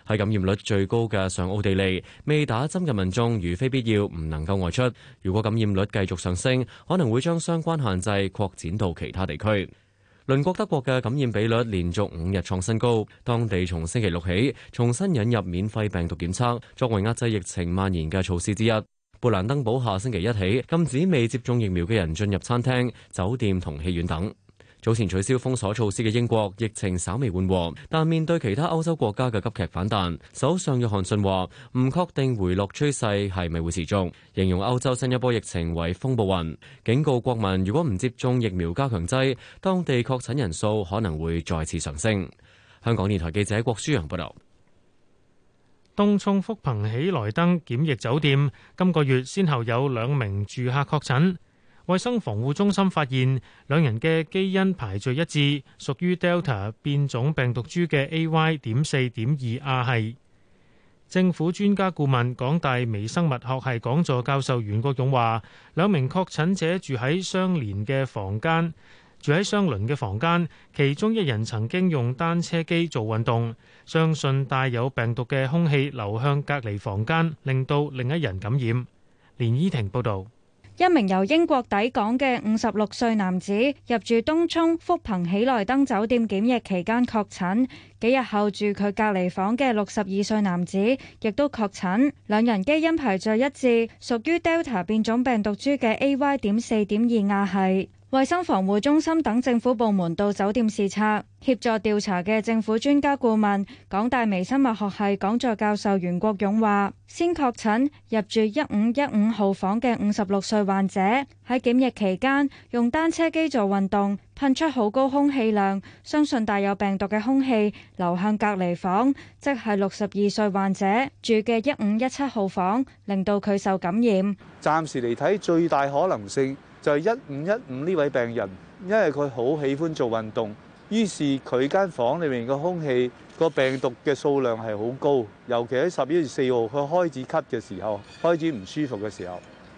[SPEAKER 1] 喺感染率最高嘅上奧地利，未打針嘅民眾如非必要唔能夠外出。如果感染率繼續上升，可能會將相關限制擴展到其他地區。鄰國德國嘅感染比率連續五日創新高，當地從星期六起重新引入免費病毒檢測，作為遏制疫情蔓延嘅措施之一。勃蘭登堡下星期一起禁止未接種疫苗嘅人進入餐廳、酒店同戲院等。早前取消封鎖措施嘅英國，疫情稍微緩和，但面對其他歐洲國家嘅急劇反彈，首相約翰遜話唔確定回落趨勢係咪會持續，形容歐洲新一波疫情為風暴雲，警告國民如果唔接種疫苗加強劑，當地確診人數可能會再次上升。香港電台記者郭舒洋報道。
[SPEAKER 15] 東涌福朋喜來登檢疫酒店今個月先後有兩名住客確診，衛生防護中心發現兩人嘅基因排序一致，屬於 Delta 變種病毒株嘅 AY. 點四點二亞系。政府專家顧問、港大微生物學系講座教授袁國勇話，兩名確診者住喺相連嘅房間。住喺雙鄰嘅房間，其中一人曾經用單車機做運動，相信帶有病毒嘅空氣流向隔離房間，令到另一人感染。連依婷報導，
[SPEAKER 16] 一名由英國抵港嘅五十六歲男子入住東涌福朋喜來登酒店檢疫期間確診，幾日後住佢隔離房嘅六十二歲男子亦都確診，兩人基因排序一致，屬於 Delta 變種病毒株嘅 AY. 點四點二亞係。衛生防護中心等政府部門到酒店視察，協助調查嘅政府專家顧問、港大微生物學系講座教授袁國勇話，先確診入住一五一五號房嘅五十六歲患者，喺檢疫期間用單車機做運動，噴出好高空氣量，相信帶有病毒嘅空氣流向隔離房，即係六十二歲患者住嘅一五一七號房，令到佢受感染。
[SPEAKER 13] 暫時嚟睇，最大可能性。就係一五一五呢位病人，因為佢好喜歡做運動，於是佢間房裏面個空氣個病毒嘅數量係好高，尤其喺十一月四號佢開始咳嘅時候，開始唔舒服嘅時候，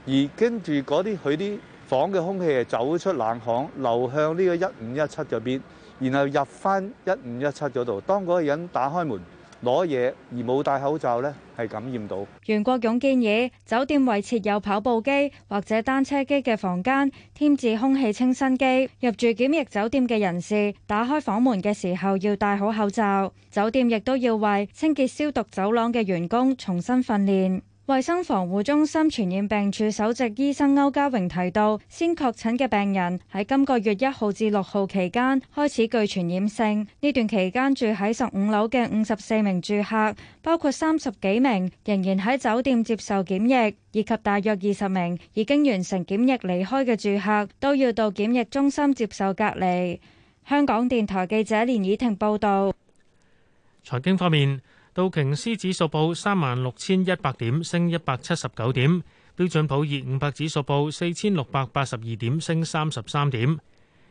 [SPEAKER 13] 而跟住嗰啲佢啲房嘅空氣係走出冷巷，流向呢個一五一七入邊，然後入返一五一七嗰度，當嗰個人打開門。攞嘢而冇戴口罩呢，係感染到。
[SPEAKER 16] 袁國勇建議酒店為設有跑步機或者單車機嘅房間添置空氣清新機。入住檢疫酒店嘅人士，打開房門嘅時候要戴好口罩。酒店亦都要為清潔消毒走廊嘅員工重新訓練。衛生防護中心傳染病處首席醫生歐家榮提到，先確診嘅病人喺今個月一號至六號期間開始具傳染性。呢段期間住喺十五樓嘅五十四名住客，包括三十幾名仍然喺酒店接受檢疫，以及大約二十名已經完成檢疫離開嘅住客，都要到檢疫中心接受隔離。香港電台記者連以婷報道。
[SPEAKER 15] 財經方面。道瓊斯指數報三萬六千一百點，升一百七十九點；標準普爾五百指數報四千六百八十二點，升三十三點。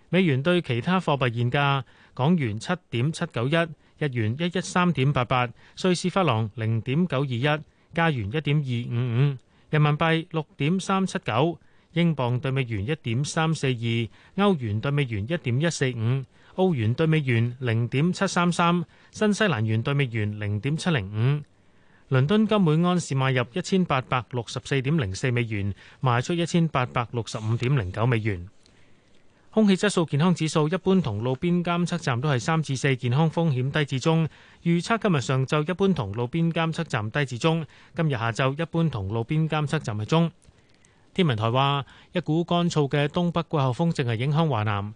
[SPEAKER 15] 美元對其他貨幣現價：港元七點七九一，日元一一三點八八，瑞士法郎零點九二一，加元一點二五五，人民幣六點三七九，英鎊對美元一點三四二，歐元對美元一點一四五。歐元對美元零點七三三，新西蘭元對美元零點七零五。倫敦金每安士買入一千八百六十四點零四美元，賣出一千八百六十五點零九美元。空氣質素健康指數一般同路邊監測站都係三至四，4，健康風險低至中。預測今日上晝一般同路邊監測站低至中，今日下晝一般同路邊監測站係中。天文台話，一股乾燥嘅東北季候風正係影響華南。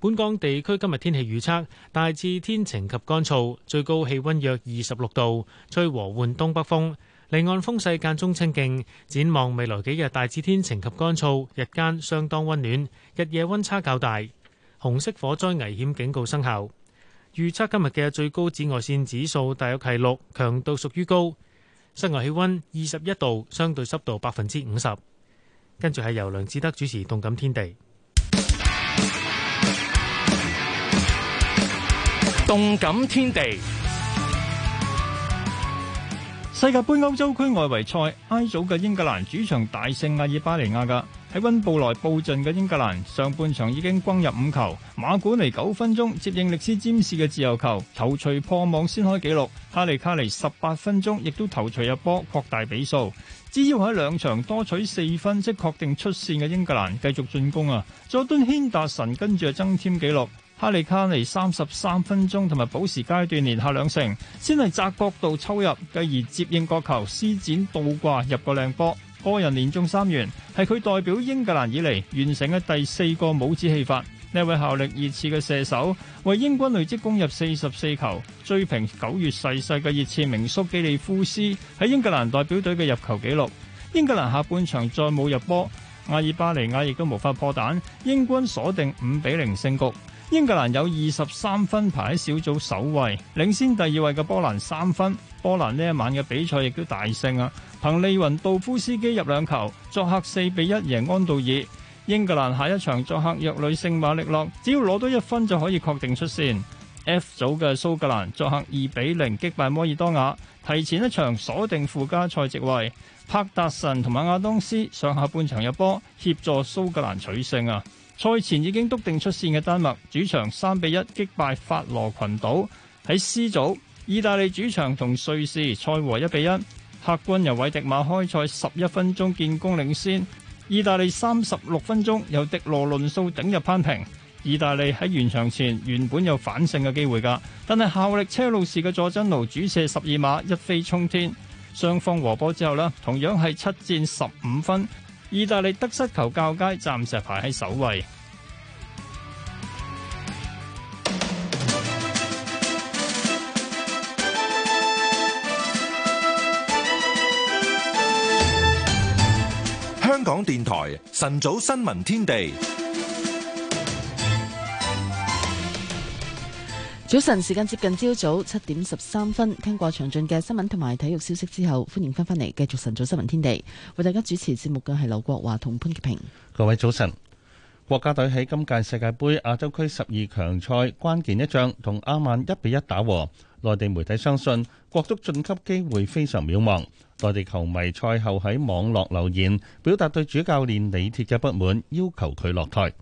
[SPEAKER 15] 本港地區今日天氣預測，大致天晴及乾燥，最高氣温約二十六度，吹和緩東北風，離岸風勢間中清勁。展望未來幾日，大致天晴及乾燥，日間相當温暖，日夜温差較大。紅色火災危險警告生效。預測今日嘅最高紫外線指數大約係六，強度屬於高。室外氣温二十一度，相對濕度百分之五十。跟住係由梁志德主持《動感天地》。
[SPEAKER 8] 動
[SPEAKER 12] 感天地，世界盃歐洲區外圍賽，I 組嘅英格蘭主場大勝阿爾巴尼亞噶。喺溫布萊布陣嘅英格蘭，上半場已經攻入五球。馬古尼九分鐘接應力斯占士嘅自由球頭槌破網先開紀錄，哈利卡尼十八分鐘亦都頭槌入波擴大比數。只要喺兩場多取四分，即確定出線嘅英格蘭繼續進攻啊！佐敦軒達臣跟住又增添紀錄。哈利卡尼三十三分鐘同埋補時階段連下兩成，先係窄角度抽入，繼而接應角球施展倒掛入個靚波。個人連中三元係佢代表英格蘭以嚟完成嘅第四個帽子戲法。呢位效力熱刺嘅射手為英軍累積攻入四十四球，追平九月逝世嘅熱刺名宿基利夫斯喺英格蘭代表隊嘅入球紀錄。英格蘭下半場再冇入波，亞爾巴尼亞亦都無法破蛋，英軍鎖定五比零勝局。英格蘭有二十三分排喺小組首位，領先第二位嘅波蘭三分。波蘭呢一晚嘅比賽亦都大勝啊，憑利雲杜夫斯基入兩球，作客四比一贏安道爾。英格蘭下一場作客弱旅聖馬力諾，只要攞多一分就可以確定出線。F 組嘅蘇格蘭作客二比零擊敗摩爾多瓦，提前一場鎖定附加賽席位。柏達神同埋亞當斯上下半場入波協助蘇格蘭取勝啊！賽前已經篤定出線嘅丹麥，主場三比一擊敗法羅群島喺 C 組。意大利主場同瑞士賽和一比一，客軍由韋迪馬開賽十一分鐘建功領先，意大利三十六分鐘由迪羅倫素頂入攀平。意大利喺完場前原本有反勝嘅機會㗎，但係效力車路士嘅佐真奴主射十二碼一飛沖天，雙方和波之後咧，同樣係七戰十五分。意大利得失球較佳，暫時排喺首位。
[SPEAKER 2] 香港電台晨早新聞天地。
[SPEAKER 3] 早晨，時間接近朝早七點十三分，聽過詳盡嘅新聞同埋體育消息之後，歡迎翻返嚟繼續晨早新聞天地，為大家主持節目嘅係劉國華同潘潔平。
[SPEAKER 4] 各位早晨，國家隊喺今屆世界杯亞洲區十二強賽關鍵一仗同阿曼一比一打和，內地媒體相信國足晉級機會非常渺茫。內地球迷賽後喺網絡留言，表達對主教練李鐵嘅不滿，要求佢落台。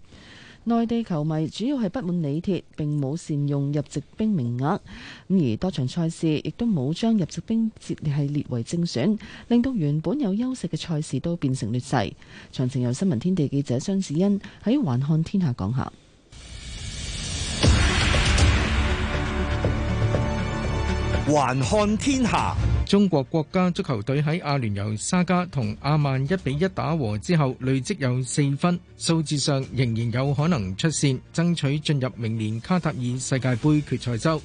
[SPEAKER 3] 內地球迷主要係不滿李鐵並冇善用入籍兵名額，咁而多場賽事亦都冇將入籍兵係列為正選，令到原本有優勢嘅賽事都變成劣勢。詳情由新聞天地記者張子欣喺《環看天下》講下。
[SPEAKER 17] 還看天下。中國國家足球隊喺阿聯酋沙加同阿曼一比一打和之後，累積有四分，數字上仍然有可能出線，爭取進入明年卡塔爾世界杯決賽週。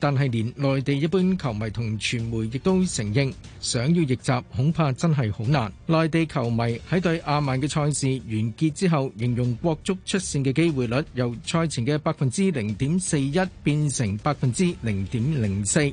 [SPEAKER 17] 但係，連內地一般球迷同傳媒亦都承認，想要逆襲恐怕真係好難。內地球迷喺對阿曼嘅賽事完結之後，形容國足出線嘅機會率由賽前嘅百分之零點四一變成百分之零點零四。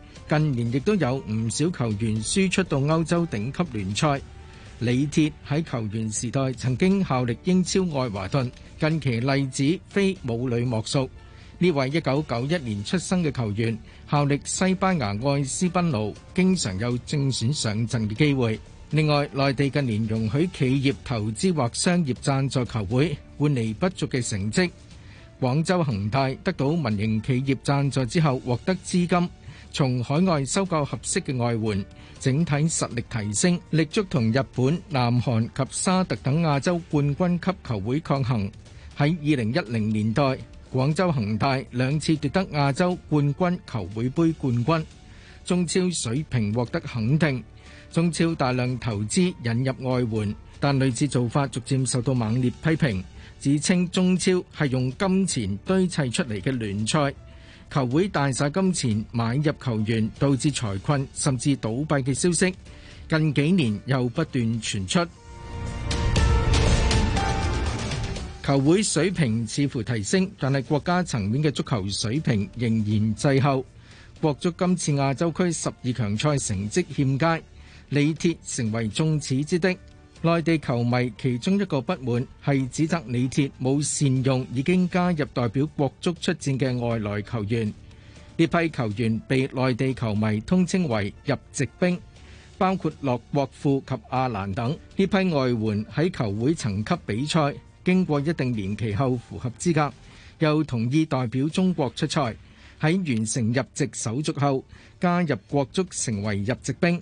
[SPEAKER 17] 近年亦都有唔少球員輸出到歐洲頂級聯賽。李鐵喺球員時代曾經效力英超愛華頓，近期例子非武磊莫屬。呢位一九九一年出生嘅球員效力西班牙愛斯賓奴，經常有正選上陣嘅機會。另外，內地近年容許企業投資或商業贊助球會，換嚟不俗嘅成績。廣州恒大得到民營企業贊助之後，獲得資金。從海外收購合適嘅外援，整體實力提升，力足同日本、南韓及沙特等亞洲冠軍級球會抗衡。喺二零一零年代，廣州恒大兩次奪得亞洲冠軍球會杯冠軍，中超水平獲得肯定。中超大量投資引入外援，但類似做法逐漸受到猛烈批評，指稱中超係用金錢堆砌出嚟嘅聯賽。球會大晒金錢買入球員，導致財困甚至倒閉嘅消息，近幾年又不斷傳出。球會水平似乎提升，但係國家層面嘅足球水平仍然滯後。國足今次亞洲區十二強賽成績欠佳，李鐵成為眾矢之的。內地球迷其中一個不滿係指責李鐵冇善用已經加入代表國足出戰嘅外來球員，呢批球員被內地球迷通稱為入籍兵，包括洛國富及阿蘭等。呢批外援喺球會層級比賽經過一定年期後符合資格，又同意代表中國出賽，喺完成入籍手續後加入國足成為入籍兵。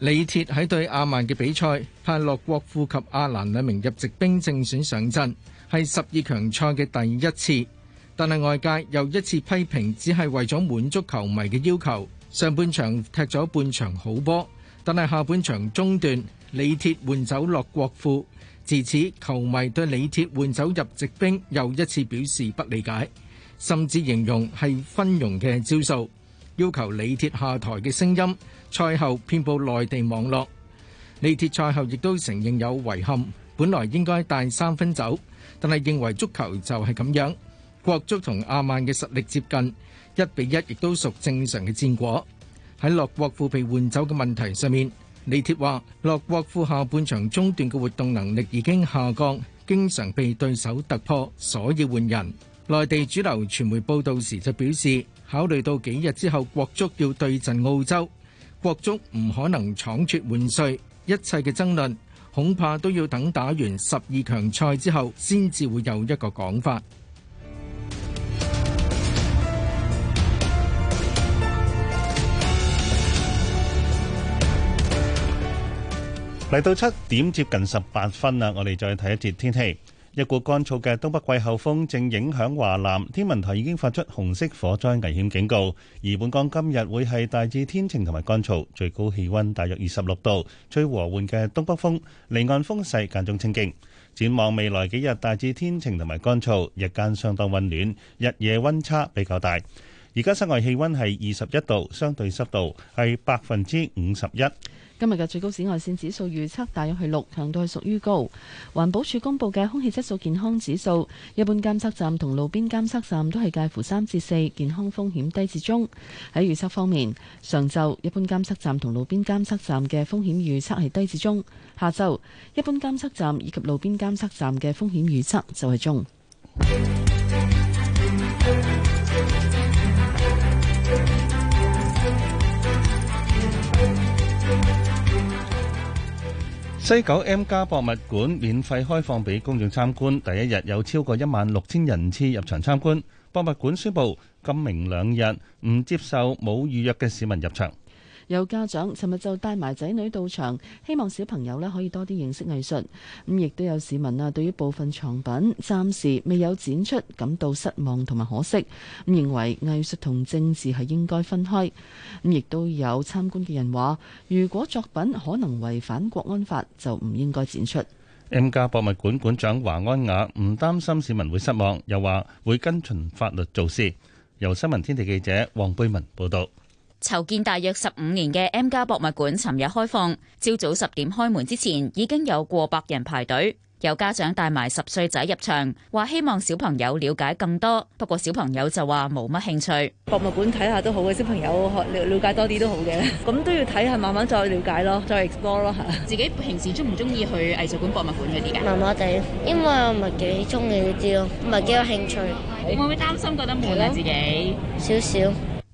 [SPEAKER 17] 李鐵喺對阿曼嘅比賽派洛國富及阿蘭兩名入籍兵正選上陣，係十二強賽嘅第一次。但係外界又一次批評，只係為咗滿足球迷嘅要求。上半場踢咗半場好波，但係下半場中段李鐵換走洛國富，自此球迷對李鐵換走入籍兵又一次表示不理解，甚至形容係昏庸嘅招數，要求李鐵下台嘅聲音。賽後遍布內地網絡，李鐵賽後亦都承認有遺憾，本來應該帶三分走，但係認為足球就係咁樣，國足同阿曼嘅實力接近，一比一亦都屬正常嘅戰果。喺洛國富被換走嘅問題上面，李鐵話洛國富下半場中段嘅活動能力已經下降，經常被對手突破，所以換人。內地主流傳媒報道時就表示，考慮到幾日之後國足要對陣澳洲，國足唔可能倉促換帥，一切嘅爭論恐怕都要等打完十二強賽之後，先至會有一個講法。
[SPEAKER 4] 嚟到七點接近十八分啦，我哋再睇一節天氣。一股乾燥嘅東北季候風正影響華南，天文台已經發出紅色火災危險警告。而本港今日會係大致天晴同埋乾燥，最高氣温大約二十六度，吹和緩嘅東北風，離岸風勢間中清勁。展望未來幾日，大致天晴同埋乾燥，日間相當温暖，日夜温差比較大。而家室外氣温係二十一度，相對濕度係百分之五十一。
[SPEAKER 3] 今日嘅最高紫外線指數預測大約係六，強度係屬於高。環保署公布嘅空氣質素健康指數，一般監測站同路邊監測站都係介乎三至四，健康風險低至中。喺預測方面，上晝一般監測站同路邊監測站嘅風險預測係低至中，下晝一般監測站以及路邊監測站嘅風險預測就係中。
[SPEAKER 4] 西九 M 加博物館免費開放俾公眾參觀，第一日有超過一萬六千人次入場參觀。博物館宣布今明兩日唔接受冇預約嘅市民入場。
[SPEAKER 3] 有家長尋日就帶埋仔女到場，希望小朋友呢可以多啲認識藝術。咁亦都有市民啊，對於部分藏品暫時未有展出感到失望同埋可惜。咁認為藝術同政治係應該分開。咁亦都有參觀嘅人話：如果作品可能違反國安法，就唔應該展出。
[SPEAKER 4] M+ 博物館館館長華安雅唔擔心市民會失望，又話會跟隨法律做事。由新聞天地記者黃貝文報道。
[SPEAKER 11] 籌建大約十五年嘅 M 家博物館，尋日開放。朝早十點開門之前，已經有過百人排隊。有家長帶埋十歲仔入場，話希望小朋友了解更多。不過小朋友就話冇乜興趣。博物館睇下都好嘅，小朋友了解多啲都好嘅。咁 都要睇下，慢慢再了解咯，再 explore 咯吓。 自己平時中唔中意去藝術館、博物館嗰啲噶？麻麻地，因
[SPEAKER 1] 為我唔係幾中意呢啲咯，唔係幾有興
[SPEAKER 11] 趣。會唔會擔心覺得悶啊？自己少少。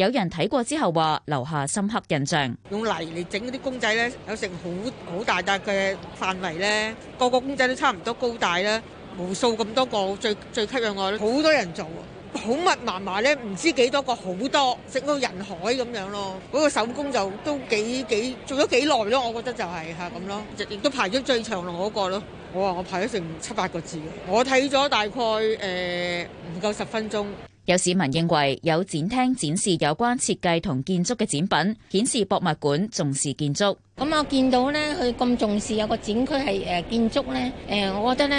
[SPEAKER 11] 有人睇過之後話留下深刻印象，
[SPEAKER 14] 用泥嚟整嗰啲公仔咧，有成好好大笪嘅範圍咧，個個公仔都差唔多高大咧，無數咁多個，最最吸引我，好多人做，好密麻麻咧，唔知幾多個，好多，整到人海咁樣咯。嗰個手工就都幾幾做咗幾耐咯，我覺得就係嚇咁咯，亦都排咗最長龍嗰個咯。我話我排咗成七八個字，我睇咗大概誒唔夠十分鐘。
[SPEAKER 11] 有市民認為，有展廳展示有關設計同建築嘅展品，顯示博物館重視建築。
[SPEAKER 6] 咁我見到咧，佢咁重視有個展區係誒建築咧，誒我覺得咧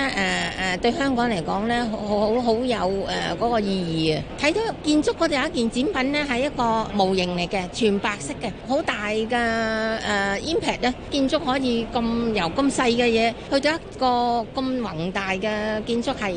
[SPEAKER 6] 誒誒對香港嚟講咧，好好好有誒嗰個意義啊！睇到建築嗰度有一件展品咧，係一個模型嚟嘅，全白色嘅，好大嘅誒 impact 咧，建築可以咁由咁細嘅嘢去到一個咁宏大嘅建築係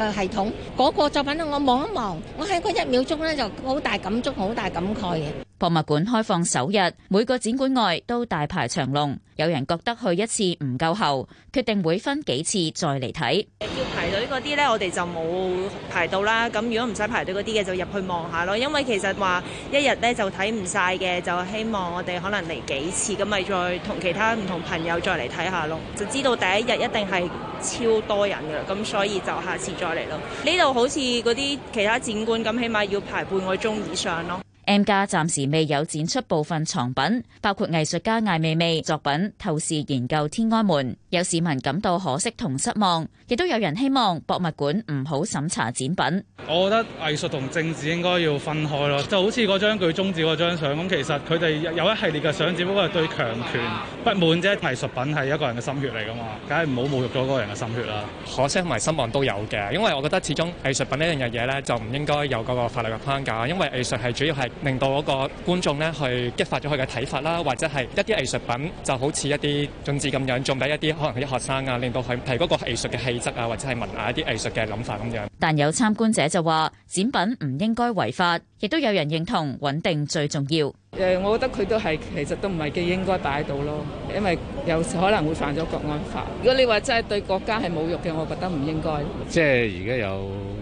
[SPEAKER 6] 嘅系統，嗰個作品咧，我望一望，我喺嗰一秒鐘咧就好大感觸，好大感慨嘅。
[SPEAKER 11] 博物館開放首日，每個展館外都大排長龍。有人覺得去一次唔夠後，決定會分幾次再嚟睇。
[SPEAKER 14] 要排隊嗰啲呢，我哋就冇排到啦。咁如果唔使排隊嗰啲嘅，就入去望下咯。因為其實話一日呢，就睇唔晒嘅，就希望我哋可能嚟幾次，咁咪再同其他唔同朋友再嚟睇下咯。就知道第一日一定係超多人噶啦，咁所以就下次再嚟咯。呢度好似嗰啲其他展館咁，起碼要排半個鐘以上咯。
[SPEAKER 11] M 家暫時未有展出部分藏品，包括藝術家艾未未作品《透視研究天安門》。有市民感到可惜同失望，亦都有人希望博物館唔好審查展品。
[SPEAKER 13] 我覺得藝術同政治應該要分開咯，就好似嗰張具中指嗰張相咁。其實佢哋有一系列嘅相，只不過係對強權
[SPEAKER 12] 不滿啫。藝術品係一個人嘅心血嚟㗎嘛，梗係唔好侮辱咗嗰個人嘅心血啦。可惜同埋失望都有嘅，因為我覺得始終藝術品呢樣嘢咧就唔應該有嗰個法律嘅框架，因為藝術係主要係。令到嗰個觀眾咧去激發咗佢嘅睇法啦，或者係一啲藝術品就好似一啲種子咁樣仲俾一啲可能係啲學生啊，令到佢提高個藝術嘅氣質啊，或者係文雅一啲藝術嘅諗法咁樣。
[SPEAKER 11] 但有參觀者就話：展品唔應該違法，亦都有人認同穩定最重要。誒，我覺得佢都係其實都唔係幾應該擺到度擺喺度咯，因為有時可能會犯咗國安法。如果你話真係對國家係侮辱嘅，我覺得唔應該。
[SPEAKER 1] 即係而家有。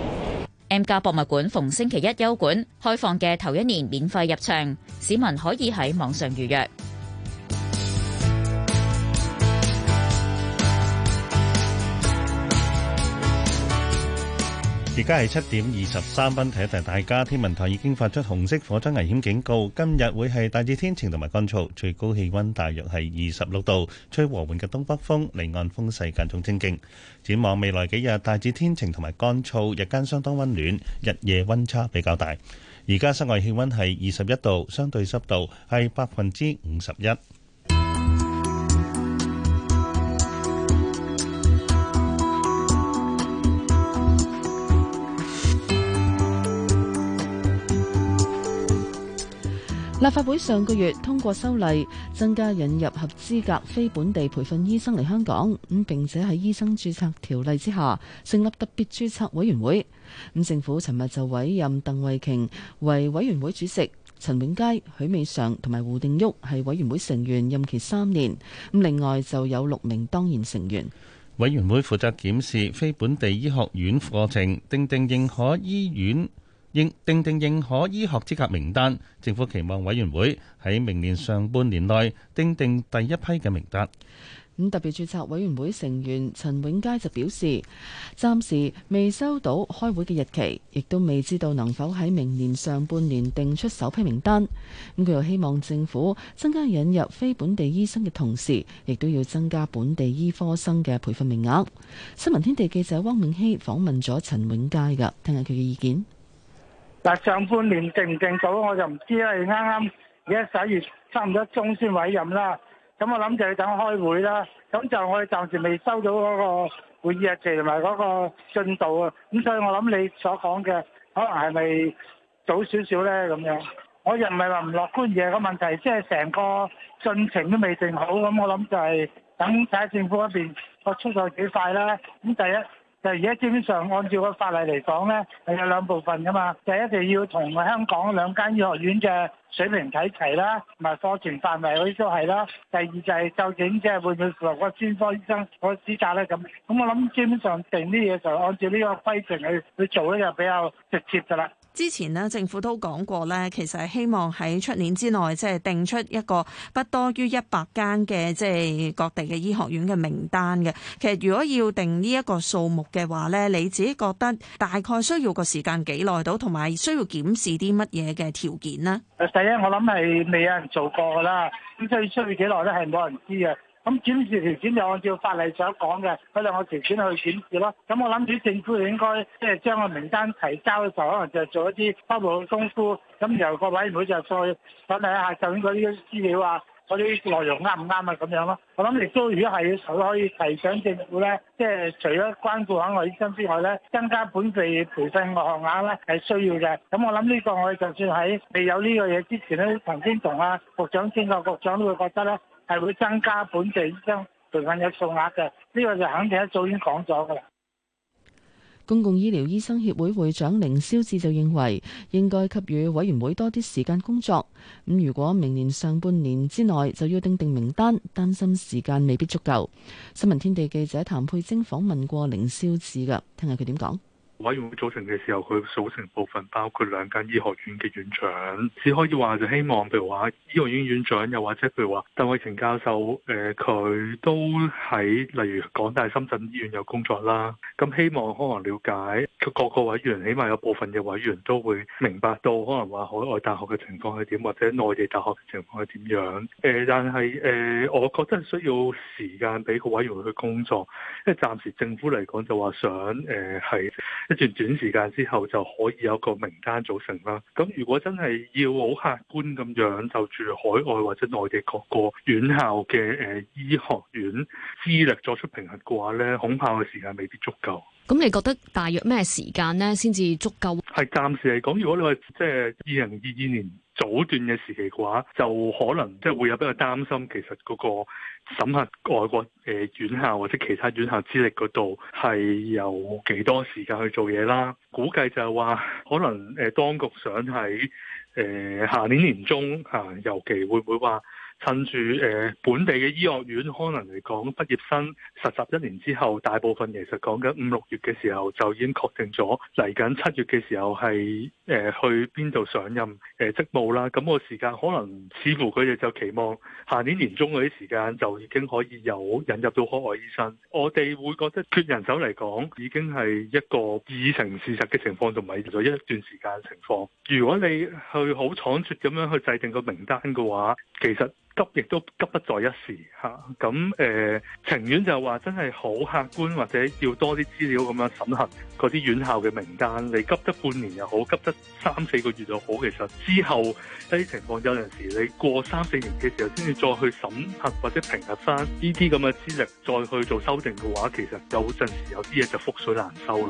[SPEAKER 11] M 家博物館逢星期一休館，開放嘅頭一年免費入場，市民可以喺網上預約。
[SPEAKER 4] 而家係七點二十三分，睇一睇大家，天文台已經發出紅色火災危險警告。今日會係大致天晴同埋乾燥，最高氣温大約係二十六度，吹和緩嘅東北風，離岸風勢間中清勁。展望未來幾日，大致天晴同埋乾燥，日間相當温暖，日夜温差比較大。而家室外氣温係二十一度，相對濕度係百分之五十一。
[SPEAKER 3] 立法會上個月通過修例，增加引入合資格非本地培訓醫生嚟香港，咁並且喺醫生註冊條例之下成立特別註冊委員會。咁政府尋日就委任鄧惠瓊為委員會主席，陳永佳、許美嫦同埋胡定旭係委員會成員，任期三年。咁另外就有六名當然成員。
[SPEAKER 4] 委員會負責檢視非本地醫學院課程，訂定認可醫院。認定定認可醫學資格名單，政府期望委員會喺明年上半年內定定第一批嘅名單。咁
[SPEAKER 3] 特別註冊委員會成員陳永佳就表示，暫時未收到開會嘅日期，亦都未知道能否喺明年上半年定出首批名單。咁佢又希望政府增加引入非本地醫生嘅同時，亦都要增加本地醫科生嘅培訓名額。新聞天地記者汪永熙訪問咗陳永佳㗎，聽下佢嘅意見。
[SPEAKER 10] 嗱，上半年定唔定到我就唔知啦。啱啱而家十一月差唔多中先委任啦，咁我諗就要等開會啦。咁就我哋暫時未收到嗰個會議日期同埋嗰個進度啊，咁所以我諗你所講嘅可能係咪早少少咧咁樣。我又唔係話唔樂觀嘢，個問題即係成個進程都未定好，咁我諗就係等睇下政府嗰邊個速度幾快啦。咁第一。就而家基本上按照個法例嚟講咧，係有兩部分噶嘛。第一就要同香港兩間醫學院嘅水平睇齊啦，同埋課程範圍嗰啲都係啦。第二就係究竟即係會唔會符合個專科醫生嗰個資格咧？咁咁我諗基本上定啲嘢就按照呢個規程去去做咧，就比較直接噶啦。
[SPEAKER 14] 之前咧，政府都講過呢，其實係希望喺出年之內，即係定出一個不多於一百間嘅即係各地嘅醫學院嘅名單嘅。其實如果要定呢一個數目嘅話呢，你自己覺得大概需要個時間幾耐到，同埋需要檢視啲乜嘢嘅條件呢？
[SPEAKER 10] 第一，我諗係未有人做過㗎喇，咁所以出去幾耐咧，係冇人知嘅。咁展示條件就按照法例所講嘅嗰兩個條款去展示咯。咁我諗住政府應該即係將個名單提交嘅時候，可能就做一啲初步功夫。咁然後個委員會就再審睇下究竟嗰啲資料啊、嗰啲內容啱唔啱啊咁樣咯。我諗亦都如果係可以提醒政府咧，即係除咗關顧海外醫生之外咧，增加本地培訓嘅學額咧係需要嘅。咁我諗呢個我哋就算喺未有呢個嘢之前咧，曾經同啊局長正副局長都會覺得咧。係會增加本地醫生培訓嘅數額嘅，呢個就肯定一早已經講咗
[SPEAKER 3] 㗎喇。公共醫療醫生協會會長凌霄志，就認為，應該給予委員會多啲時間工作。咁如果明年上半年之內就要訂定定名單，擔心時間未必足夠。新聞天地記者譚佩晶訪問過凌霄志噶，聽下佢點講。
[SPEAKER 18] 委員會組成嘅時候，佢組成部分，包括兩間醫學院嘅院長，只可以話就希望，譬如話醫學院院長，又或者譬如話鄧惠瓊教授，誒、呃、佢都喺例如港大深圳醫院有工作啦。咁希望可能了解各個委員，起碼有部分嘅委員都會明白到，可能話海外大學嘅情況係點，或者內地大學嘅情況係點樣。誒、呃，但係誒、呃，我覺得需要時間俾個委員去工作，因為暫時政府嚟講就話想誒係。呃一段短時間之後就可以有個名單組成啦。咁如果真係要好客觀咁樣就住海外或者內地各個院校嘅誒醫學院資歷作出評核嘅話呢，恐怕嘅時間未必足夠。
[SPEAKER 11] 咁你覺得大約咩時間
[SPEAKER 18] 呢？先至足夠？係暫時嚟講，如果你話即係二零二二年。早段嘅時期嘅話，就可能即係會有比較擔心，其實嗰個審核外國誒院校或者其他院校資歷嗰度係有幾多時間去做嘢啦。估計就係話，可能誒當局想喺誒下年年中啊，尤其會唔會話？趁住誒、呃、本地嘅醫學院，可能嚟講畢業生實習一年之後，大部分其實講緊五六月嘅時候就已經確定咗嚟緊七月嘅時候係誒、呃、去邊度上任誒職、呃、務啦。咁個時間可能似乎佢哋就期望下年年中嗰啲時間就已經可以有引入到海外醫生。我哋會覺得缺人手嚟講已經係一個已成事實嘅情況，同埋做咗一段時間嘅情況。如果你去好倉促咁樣去制定個名單嘅話，其實。急亦都急不在一時吓，咁、啊、誒、呃，情願就話真係好客觀或者要多啲資料咁樣審核嗰啲院校嘅名單，你急得半年又好，急得三四個月又好，其實之後一啲情況有陣時你過三四年嘅時候，先至再去審核或者評核翻呢啲咁嘅資歷再去做修正嘅話，其實有陣時有啲嘢就覆水難收咯。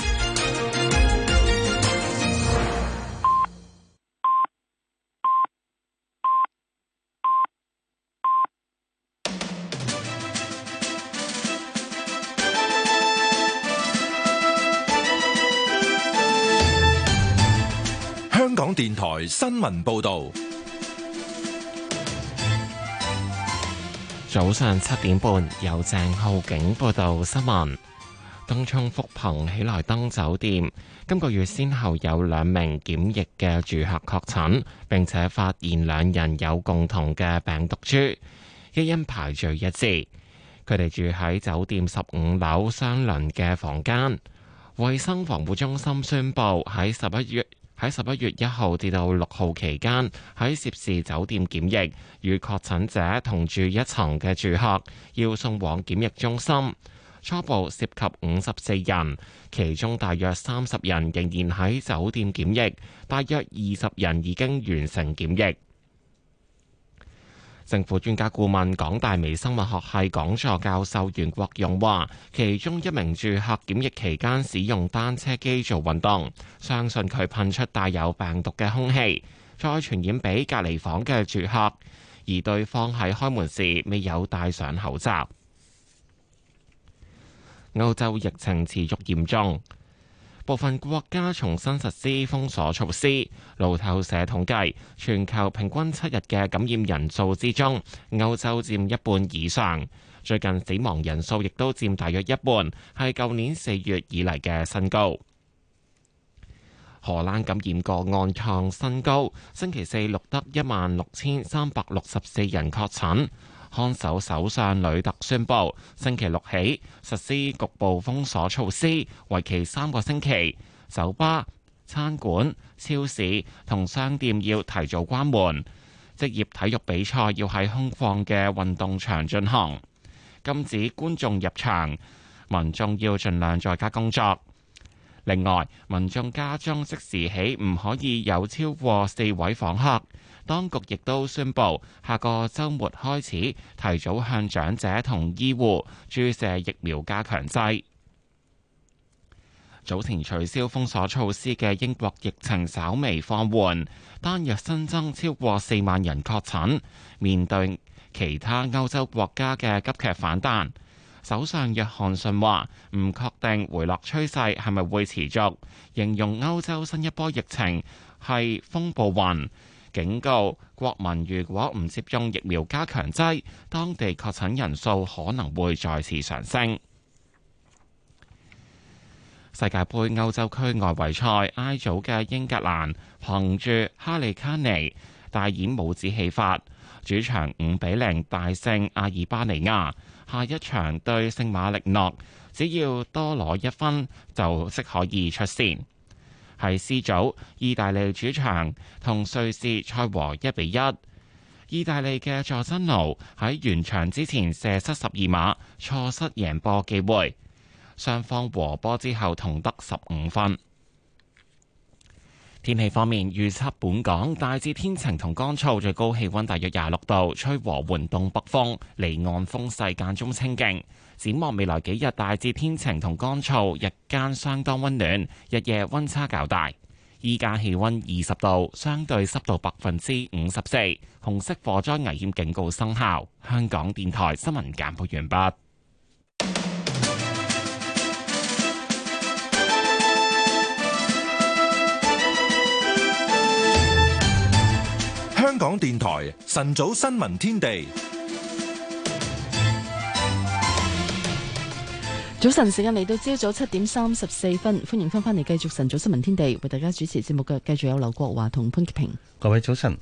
[SPEAKER 2] 電台新聞報道：
[SPEAKER 7] 早上七點半，由鄭浩景報道新聞。東涌福朋喜來登酒店今個月先後有兩名檢疫嘅住客確診，並且發現兩人有共同嘅病毒株，基因排序一致。佢哋住喺酒店十五樓相鄰嘅房間。衛生防護中心宣布喺十一月，喺十一月一號至到六號期間，喺涉事酒店檢疫，與確診者同住一層嘅住客要送往檢疫中心，初步涉及五十四人，其中大約三十人仍然喺酒店檢疫，大約二十人已經完成檢疫。政府專家顧問、港大微生物學系講座教授袁國勇話，其中一名住客檢疫期間使用單車機做運動，相信佢噴出帶有病毒嘅空氣，再傳染俾隔離房嘅住客，而對方喺開門時未有戴上口罩。歐洲疫情持續嚴重。部分國家重新實施封鎖措施。路透社統計，全球平均七日嘅感染人數之中，歐洲佔一半以上。最近死亡人數亦都佔大約一半，係舊年四月以嚟嘅新高。荷蘭感染個案創新高，星期四錄得一萬六千三百六十四人確診。看守首相呂特宣布，星期六起實施局部封鎖措施，為期三個星期。酒吧、餐館、超市同商店要提早關門。職業體育比賽要喺空曠嘅運動場進行，禁止觀眾入場。民眾要盡量在家工作。另外，民眾家中即時起唔可以有超過四位訪客。當局亦都宣布，下個週末開始提早向長者同醫護注射疫苗加強劑。早前取消封鎖措施嘅英國疫情稍微放緩，單日新增超過四萬人確診。面對其他歐洲國家嘅急劇反彈，首相約翰遜話：唔確定回落趨勢係咪會持續，形容歐洲新一波疫情係風暴雲。警告國民，如果唔接種疫苗加強劑，當地確診人數可能會再次上升。世界盃歐洲區外圍賽，I 組嘅英格蘭，憑住哈利卡尼大演帽子戲法，主場五比零大勝阿爾巴尼亞。下一場對聖馬力諾，只要多攞一分就即可以出線。喺 C 組，意大利主場同瑞士賽和一比一。意大利嘅佐真奴喺完場之前射失十二碼，錯失贏波機會。雙方和波之後同得十五分。天氣方面，預測本港大致天晴同乾燥，最高氣温大約廿六度，吹和緩東北風，離岸風勢間中清勁。展望未來幾日，大致天晴同乾燥，日間相當溫暖，日夜溫差較大。依家氣溫二十度，相對濕度百分之五十四，紅色火災危險警告生效。香港電台新聞簡報完畢。
[SPEAKER 2] 香港電台晨早新聞天地。
[SPEAKER 3] 早晨，時間嚟到朝早七點三十四分，歡迎翻翻嚟繼續晨早新聞天地，為大家主持節目嘅繼續有劉國華同潘潔平。
[SPEAKER 4] 各位早晨，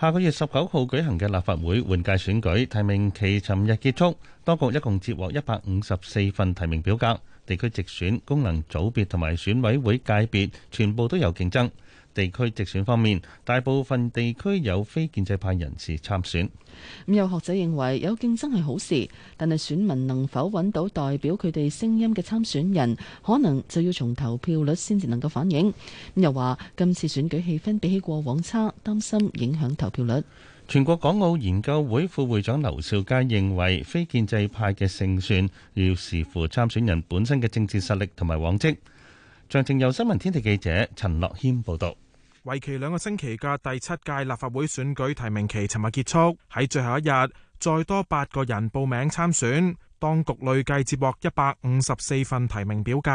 [SPEAKER 4] 下個月十九號舉行嘅立法會換屆選舉提名期尋日結束，當局一共接獲一百五十四份提名表格，地區直選、功能組別同埋選委會界別全部都有競爭。地區直選方面，大部分地區有非建制派人士參選。咁
[SPEAKER 3] 有學者認為有競爭係好事，但係選民能否揾到代表佢哋聲音嘅參選人，可能就要從投票率先至能夠反映。咁又話今次選舉氣氛比起過往差，擔心影響投票率。
[SPEAKER 4] 全國港澳研究會副會長劉兆佳認為，非建制派嘅勝算要視乎參選人本身嘅政治實力同埋往績。詳情由新聞天地記者陳樂軒報道。
[SPEAKER 19] 為期兩個星期嘅第七屆立法會選舉提名期，尋日結束。喺最後一日，再多八個人報名參選，當局累計接獲一百五十四份提名表格。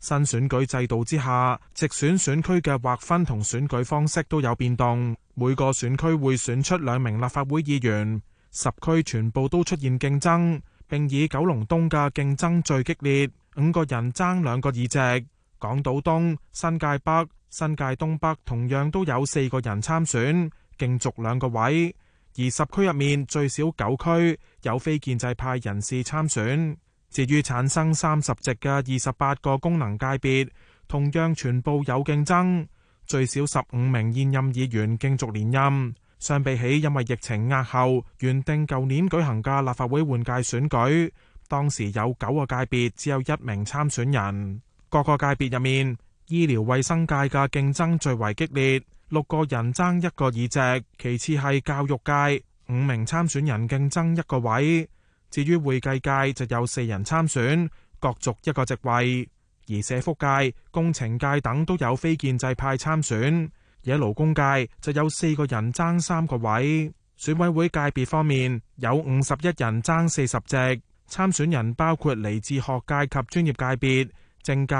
[SPEAKER 19] 新選舉制度之下，直選選區嘅劃分同選舉方式都有變動。每個選區會選出兩名立法會議員，十區全部都出現競爭，並以九龍東嘅競爭最激烈，五個人爭兩個議席。港島東、新界北、新界東北同樣都有四個人參選，競逐兩個位。而十區入面最少九區有非建制派人士參選。至於產生三十席嘅二十八個功能界別，同樣全部有競爭，最少十五名現任議員競逐連任。相比起，因為疫情押後，原定舊年舉行嘅立法會換屆選舉，當時有九個界別只有一名參選人，各個界別入面。醫療衛生界嘅競爭最為激烈，六個人爭一個議席；其次係教育界，五名參選人競爭一個位。至於會計界就有四人參選，角逐一個席位。而社福界、工程界等都有非建制派參選。而勞工界就有四個人爭三個位。選委會界別方面有五十一人爭四十席，參選人包括嚟自學界及專業界別。政界、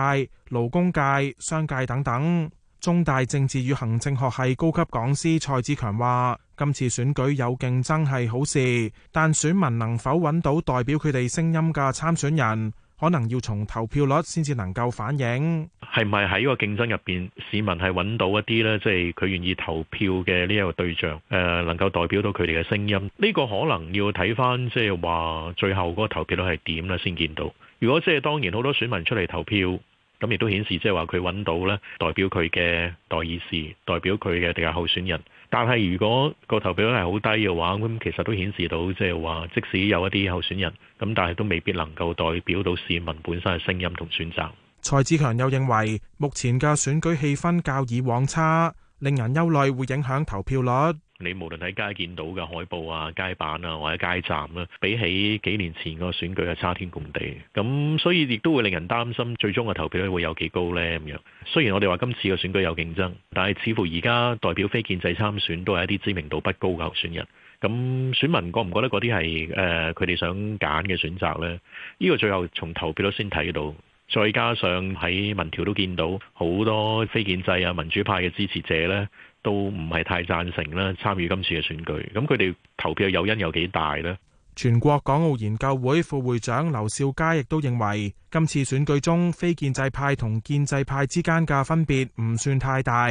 [SPEAKER 19] 勞工界、商界等等，中大政治與行政學系高級講師蔡志強話：今次選舉有競爭係好事，但選民能否搵到代表佢哋聲音嘅參選人，可能要從投票率先至能夠反映，係
[SPEAKER 2] 咪喺個競爭入邊，市民係搵到一啲咧，即係佢願意投票嘅呢一個對象，誒、呃，能夠代表到佢哋嘅聲音，呢、這個可能要睇翻，即係話最後嗰個投票率係點啦，先見到。如果即係當然，好多選民出嚟投票咁，亦都顯示即係話佢揾到咧代表佢嘅代議士，代表佢嘅地下候選人。但係如果個投票率係好低嘅話，咁其實都顯示到即係話，即使有一啲候選人咁，但係都未必能夠代表到市民本身嘅聲音同選擇。
[SPEAKER 19] 蔡志強又認為，目前嘅選舉氣氛較以往差，令人憂慮，會影響投票率。
[SPEAKER 2] 你無論喺街見到嘅海報啊、街板啊或者街站啦、啊，比起幾年前嗰個選舉係差天共地，咁所以亦都會令人擔心最終嘅投票率會有幾高呢？咁樣。雖然我哋話今次嘅選舉有競爭，但係似乎而家代表非建制參選都係一啲知名度不高嘅候選人。咁選民覺唔覺得嗰啲係誒佢哋想揀嘅選擇呢？呢、這個最後從投票都先睇到，再加上喺民調都見到好多非建制啊民主派嘅支持者呢。都唔係太贊成啦，參與今次嘅選舉。咁佢哋投票誘因有幾大咧？
[SPEAKER 19] 全國港澳研究會副會長劉少佳亦都認為，今次選舉中非建制派同建制派之間嘅分別唔算太大。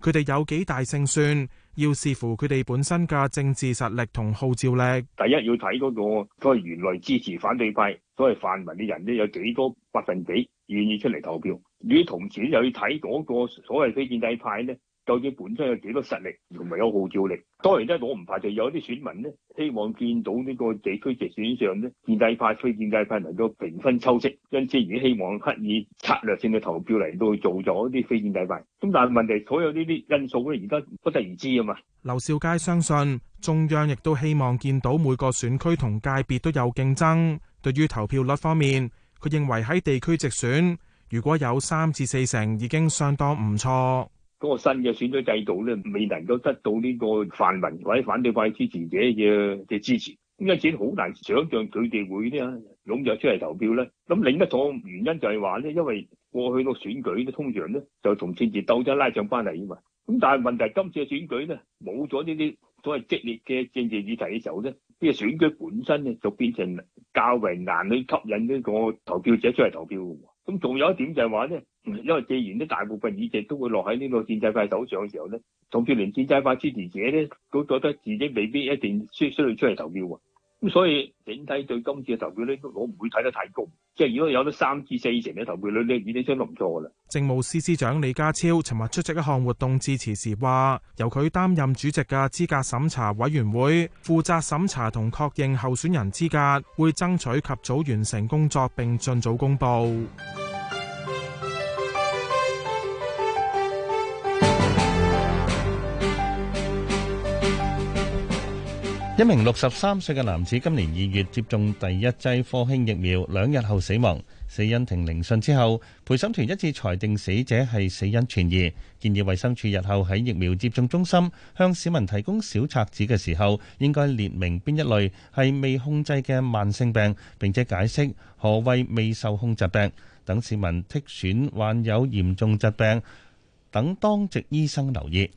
[SPEAKER 19] 佢哋有幾大勝算，要視乎佢哋本身嘅政治實力同號召力。
[SPEAKER 9] 第一要睇嗰個所謂原來支持反對派，所謂泛民嘅人咧，有幾多百分比願意出嚟投票。你同時又要睇嗰個所謂非建制派咧。究竟本身有幾多實力，同埋有號召力？當然，真我唔排除有一啲選民咧，希望見到呢個地區直選上呢，建制派非建制派，能夠平分秋色，因此而希望刻意策略性嘅投票嚟到做咗啲非建制派。咁但係問題所有呢啲因素咧，而家不得而知啊嘛。
[SPEAKER 19] 劉少佳相信中央亦都希望見到每個選區同界別都有競爭。對於投票率方面，佢認為喺地區直選如果有三至四成已經相當唔錯。
[SPEAKER 9] 嗰個新嘅選舉制度咧，未能夠得到呢個泛民或者反對派支持者嘅嘅支持，因此好難想像佢哋會呢踴躍出嚟投票咧。咁另一個原因就係話咧，因為過去個選舉咧，通常咧就同政治鬥爭拉上關係嘛。咁但係問題係今次嘅選舉咧，冇咗呢啲所謂激烈嘅政治議題嘅時候咧，呢個選舉本身咧就變成較為難去吸引呢個投票者出嚟投票嘅。咁仲有一點就係話咧，因為既然啲大部分議席都會落喺呢個建制派手上嘅時候咧，甚至連建制派支持者咧都覺得自己未必一定需需要出嚟投票。咁所以整體對今次嘅投票率，我唔會睇得太高。即係如果有得三至四成嘅投票率，呢已經都唔錯噶啦。
[SPEAKER 19] 政務司司長李家超尋日出席一項活動致辭時話，由佢擔任主席嘅資格審查委員會負責審查同確認候選人資格，會爭取及早完成工作，並盡早公布。
[SPEAKER 4] 一名六十三歲嘅男子今年二月接種第一劑科興疫苗，兩日後死亡。死因庭聆訊之後，陪審團一致裁定死者係死因存疑，建議衛生署日後喺疫苗接種中心向市民提供小冊子嘅時候，應該列明邊一類係未控制嘅慢性病，並且解釋何謂未受控疾病，等市民剔選患有嚴重疾病。等當值醫生
[SPEAKER 3] 留意。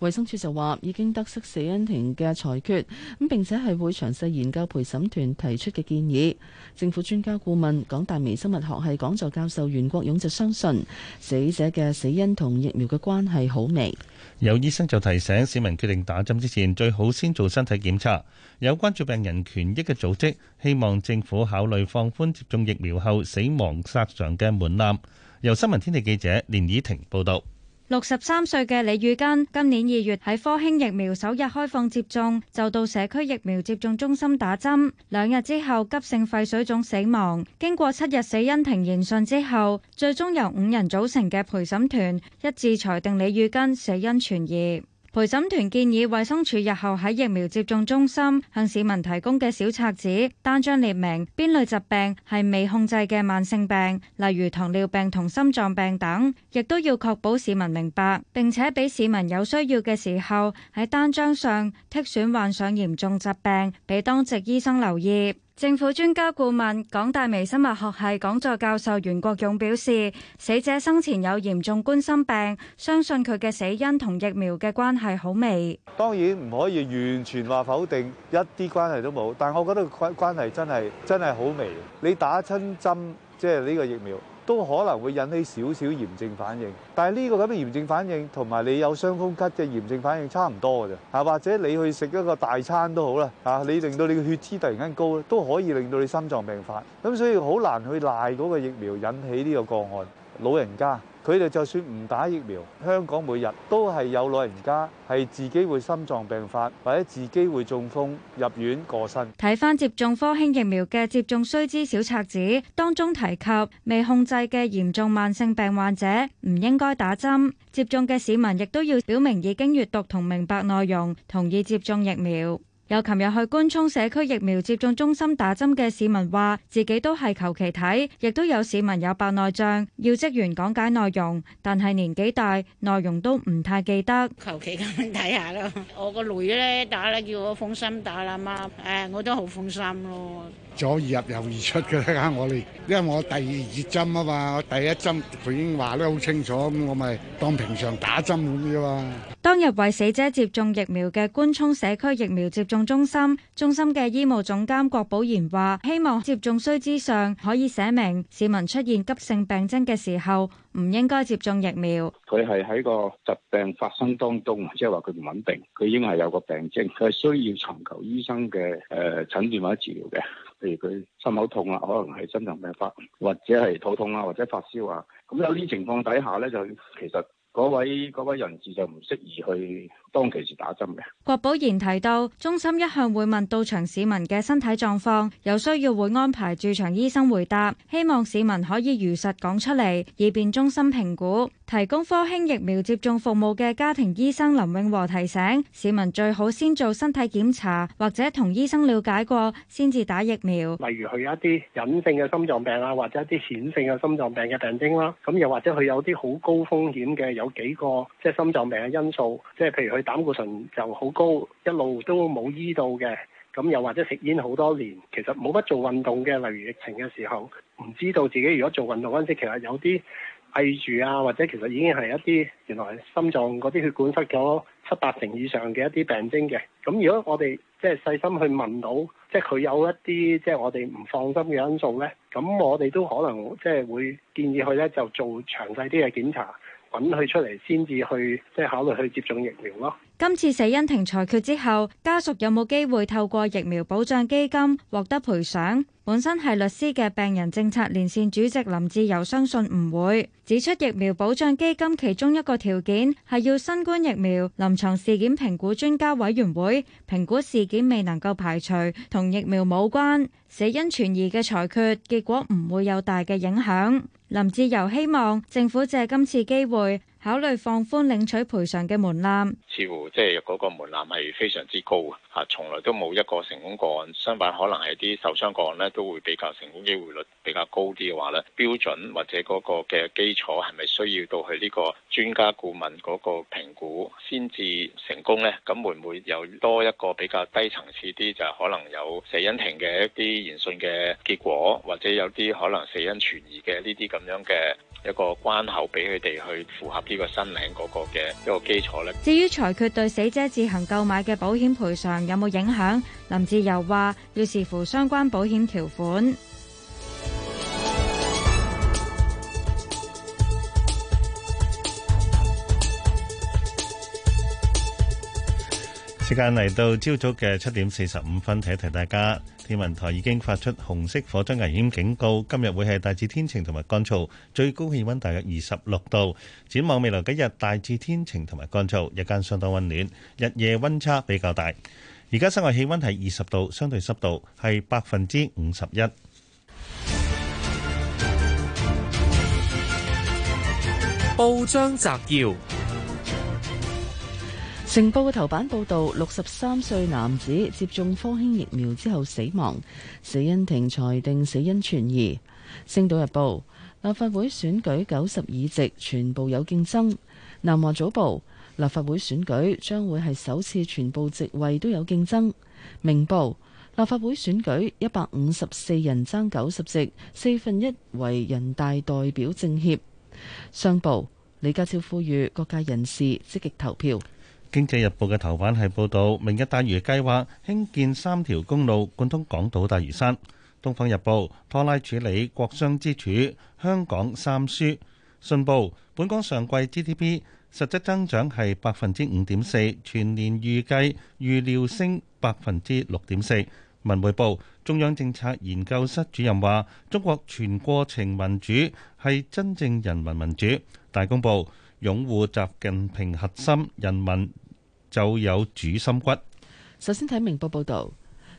[SPEAKER 3] 衛生署就話已經得悉死因庭嘅裁決，咁並且係會詳細研究陪審團提出嘅建議。政府專家顧問港大微生物學系講座教授袁國勇就相信死者嘅死因同疫苗嘅關係好微。
[SPEAKER 4] 有醫生就提醒市民決定打針之前，最好先做身體檢查。有關注病人權益嘅組織希望政府考慮放寬接種疫苗後死亡殺傷嘅門檻。由新聞天地記者連以婷報導。
[SPEAKER 16] 六十三歲嘅李宇根今年二月喺科興疫苗首日開放接種，就到社區疫苗接種中心打針，兩日之後急性肺水腫死亡。經過七日死因庭研訊之後，最終由五人組成嘅陪審團一致裁定李宇根死因存疑。陪審團建議，衛生署日後喺疫苗接種中心向市民提供嘅小冊子單張列明邊類疾病係未控制嘅慢性病，例如糖尿病同心臟病等，亦都要確保市民明白，並且俾市民有需要嘅時候喺單張上剔選患上嚴重疾病，俾當值醫生留意。政府專家顧問、港大微生物學系講座教授袁國勇表示，死者生前有嚴重冠心病，相信佢嘅死因同疫苗嘅關係好微。
[SPEAKER 13] 當然唔可以完全話否定，一啲關係都冇，但我覺得關關係真係真係好微。你打親針，即係呢個疫苗，都可能會引起少少炎症反應，但係呢個咁嘅炎症反應同埋你有傷風咳嘅炎症反應差唔多㗎啫，吓或者你去食一個大餐都好啦，吓你令到你嘅血脂突然間高咧，都可以令到你心臟病發，咁所以好難去賴嗰個疫苗引起呢個個案，老人家。佢哋就算唔打疫苗，香港每日都係有老人家係自己會心臟病發或者自己會中風入院過身。
[SPEAKER 16] 睇翻，接種科興疫苗嘅接種須知小冊子，當中提及未控制嘅嚴重慢性病患者唔應該打針。接種嘅市民亦都要表明已經閱讀同明白內容，同意接種疫苗。有琴日去官涌社區疫苗接種中心打針嘅市民話，自己都係求其睇，亦都有市民有白內障，要職員講解內容，但係年紀大，內容都唔太記得，求其咁睇下咯。
[SPEAKER 6] 我個女咧，打啦，叫我放心打啦嘛。誒，我都好放心咯。
[SPEAKER 10] 左而入右而出嘅咧，我哋，因為我第二支針啊嘛，我第一針佢已經話得好清楚，咁我咪當平常打針咁啫嘛。
[SPEAKER 16] 當日為死者接種疫苗嘅官涌社區疫苗接種中心中心嘅醫務總監郭寶賢話，希望接種須知上可以寫明市民出現急性病徵嘅時候，唔應該接種疫苗。
[SPEAKER 9] 佢係喺個疾病發生當中啊，即係話佢唔穩定，佢已經係有個病徵，佢係需要尋求醫生嘅誒診斷或者治療嘅。譬如佢心口痛啊，可能係心臟病發，或者係肚痛啊，或者發燒啊，咁有啲情況底下咧，就其實嗰位嗰位人士就唔適宜去當其時打針嘅。
[SPEAKER 16] 郭寶賢提到，中心一向會問到場市民嘅身體狀況，有需要會安排駐場醫生回答，希望市民可以如實講出嚟，以便中心評估。提供科興疫苗接種服務嘅家庭醫生林永和提醒市民，最好先做身體檢查或者同醫生了解過先至打疫苗。
[SPEAKER 10] 例如佢有一啲隱性嘅心臟病啊，或者一啲顯性嘅心臟病嘅病徵啦。咁又或者佢有啲好高風險嘅，有幾個即係心臟病嘅因素，即係譬如佢膽固醇就好高，一路都冇醫到嘅。咁又或者食煙好多年，其實冇乜做運動嘅。例如疫情嘅時候，唔知道自己如果做運動嗰陣時，其實有啲。係住啊，或者其實已經係一啲原來心臟嗰啲血管塞咗七八成以上嘅一啲病徵嘅。咁如果我哋即係細心去問到，即係佢有一啲即係我哋唔放心嘅因素咧，咁我哋都可能即係會建議佢咧就做詳細啲嘅檢查，揾佢出嚟先至去即係考慮去接種疫苗咯。
[SPEAKER 16] 今次死因庭裁決之後，家屬有冇機會透過疫苗保障基金獲得賠償？本身係律師嘅病人政策連線主席林志柔相信唔會，指出疫苗保障基金其中一個條件係要新冠疫苗臨床事件評估專家委員會評估事件未能夠排除，同疫苗冇關，死因存疑嘅裁決結果唔會有大嘅影響。林志柔希望政府借今次機會。考慮放寬領取賠償嘅門檻，
[SPEAKER 2] 似乎即係嗰個門檻係非常之高嘅，吓從來都冇一個成功個案。相反，可能係啲受傷個案呢，都會比較成功機會率比較高啲嘅話呢，標準或者嗰個嘅基礎係咪需要到去呢個專家顧問嗰個評估先至成功呢？咁會唔會有多一個比較低層次啲，就係可能有死因庭嘅一啲言訊嘅結果，或者有啲可能死因存疑嘅呢啲咁樣嘅一個關口，俾佢哋去符合啲？呢個申領嗰個嘅一個基礎咧，
[SPEAKER 16] 至於裁決對死者自行購買嘅保險賠償有冇影響？林志又話要視乎相關保險條款。
[SPEAKER 4] 時間嚟到朝早嘅七點四十五分，提一提大家，天文台已經發出紅色火災危險警告。今日會係大致天晴同埋乾燥，最高氣溫大約二十六度。展望未來幾日，大致天晴同埋乾燥，日間相當溫暖，日夜溫差比較大。而家室外氣溫係二十度，相對濕度係百分之五十一。
[SPEAKER 18] 報
[SPEAKER 1] 章摘要。
[SPEAKER 3] 成報嘅頭版報道，六十三歲男子接種科興疫苗之後死亡，死因庭裁定死因存疑。星島日報，立法會選舉九十議席全部有競爭。南華早報，立法會選舉將會係首次全部席位都有競爭。明報，立法會選舉一百五十四人爭九十席，四分一為人大代表政協、政協。商報，李家超呼籲各界人士積極投票。
[SPEAKER 4] 《經濟日報》嘅頭版係報導，明日大嶼計劃興建三條公路貫通港島大嶼山。《東方日報》拖拉處理國殤之柱。《香港三書》信報本港上季 GDP 實質增長係百分之五點四，全年預計預料升百分之六點四。《文匯報》中央政策研究室主任話：中國全過程民主係真正人民民主。《大公報》擁護習近平核心人民。就有主心骨。
[SPEAKER 3] 首先睇明報報道。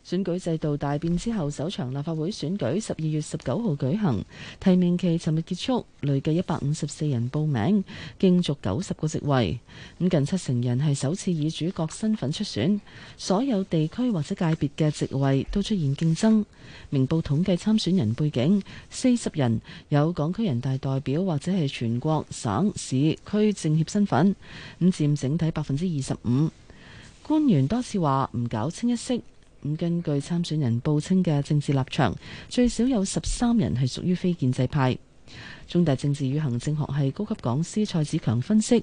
[SPEAKER 3] 選舉制度大變之後，首場立法會選舉十二月十九號舉行，提名期尋日結束，累計一百五十四人報名競逐九十個席位。咁近七成人係首次以主角身份出選，所有地區或者界別嘅席位都出現競爭。明報統計參選人背景，四十人有港區人大代表或者係全國省、市、區政協身份，咁佔整體百分之二十五。官員多次話唔搞清一色。根據參選人報稱嘅政治立場，最少有十三人係屬於非建制派。中大政治與行政學系高級講師蔡子強分析，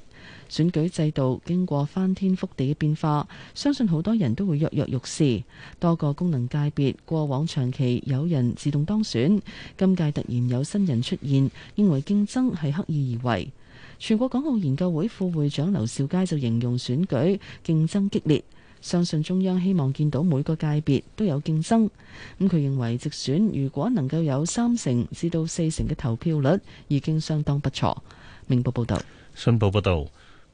[SPEAKER 3] 選舉制度經過翻天覆地嘅變化，相信好多人都會躍躍欲試。多個功能界別過往長期有人自動當選，今屆突然有新人出現，認為競爭係刻意而為。全國港澳研究會副會長劉兆佳就形容選舉競爭激烈。相信中央希望見到每個界別都有競爭，咁佢認為直選如果能夠有三成至到四成嘅投票率，已經相當不錯。明報報道，
[SPEAKER 4] 信報報道，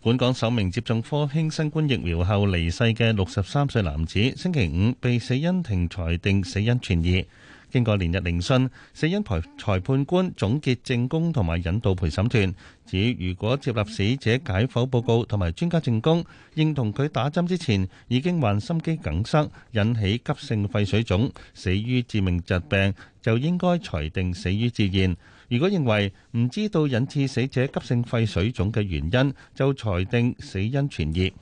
[SPEAKER 4] 本港首名接種科興新冠疫苗後離世嘅六十三歲男子，星期五被死因庭裁定死因存疑。經過連日聆訊，死因裁裁判官總結證供同埋引導陪審團，指如果接納死者解剖報告同埋專家證供，認同佢打針之前已經患心肌梗塞，引起急性肺水腫，死於致命疾病，就應該裁定死於自然；如果認為唔知道引致死者急性肺水腫嘅原因，就裁定死因存疑。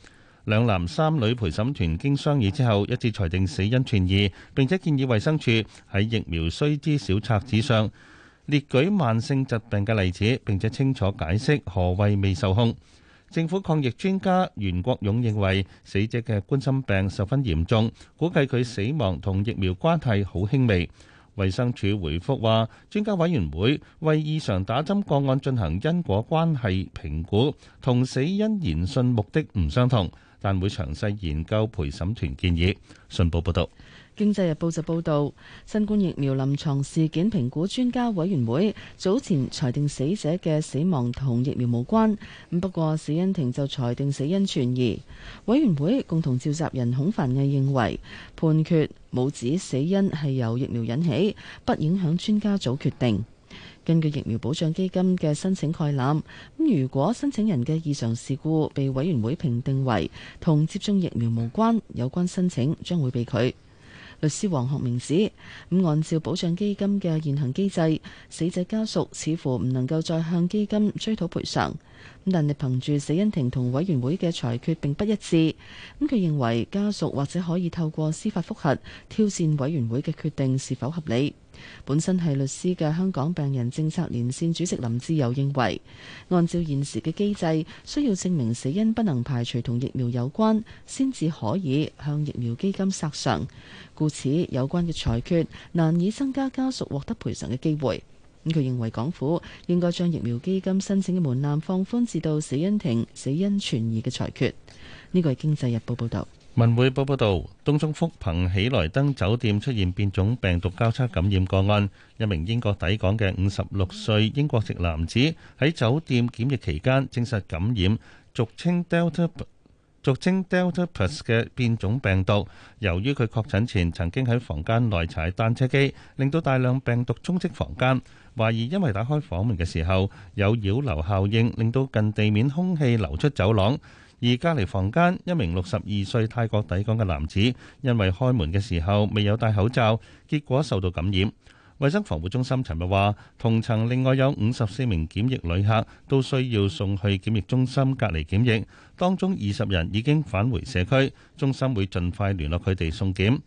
[SPEAKER 4] 兩男三女陪審團經商議之後，一致裁定死因存疑，並且建議衛生署喺疫苗須知小冊子上列舉慢性疾病嘅例子，並且清楚解釋何為未受控。政府抗疫專家袁國勇認為，死者嘅冠心病十分嚴重，估計佢死亡同疫苗關係好輕微。衛生署回覆話，專家委員會為異常打針個案進行因果關係評估，同死因研訊目的唔相同。但會詳細研究陪審團建議。信報報道，
[SPEAKER 3] 《經濟日報》就報導，新冠疫苗臨床事件評估專家委員會早前裁定死者嘅死亡同疫苗無關。咁不過死因庭就裁定死因存疑。委員會共同召集人孔凡毅認為判決冇指死因係由疫苗引起，不影響專家組決定。根據疫苗保障基金嘅申請概覽，咁如果申請人嘅異常事故被委員會評定為同接種疫苗無關，有關申請將會被拒。律師王學明指，咁按照保障基金嘅現行機制，死者家屬似乎唔能夠再向基金追討賠償。咁但係憑住死因庭同委員會嘅裁決並不一致，咁佢認為家屬或者可以透過司法覆核挑戰委員會嘅決定是否合理。本身係律師嘅香港病人政策連線主席林志友認為，按照現時嘅機制，需要證明死因不能排除同疫苗有關，先至可以向疫苗基金索償，故此有關嘅裁決難以增加家屬獲得賠償嘅機會。咁佢認為港府應該將疫苗基金申請嘅門檻放寬至到死因庭死因存疑嘅裁決。呢個係《經濟日報》報道。
[SPEAKER 4] 文匯報報道，東涌福朋喜來登酒店出現變種病毒交叉感染個案。一名英國抵港嘅五十六歲英國籍男子喺酒店檢疫期間證實感染俗稱 Delta 俗稱 Delta Plus 嘅變種病毒。由於佢確診前曾經喺房間內踩單車機，令到大量病毒充斥房間。懷疑因為打開房門嘅時候有擾流效應，令到近地面空氣流出走廊。而隔離房間一名六十二歲泰國抵港嘅男子，因為開門嘅時候未有戴口罩，結果受到感染。衞生防護中心尋日話，同層另外有五十四名檢疫旅客都需要送去檢疫中心隔離檢疫，當中二十人已經返回社區，中心會盡快聯絡佢哋送檢。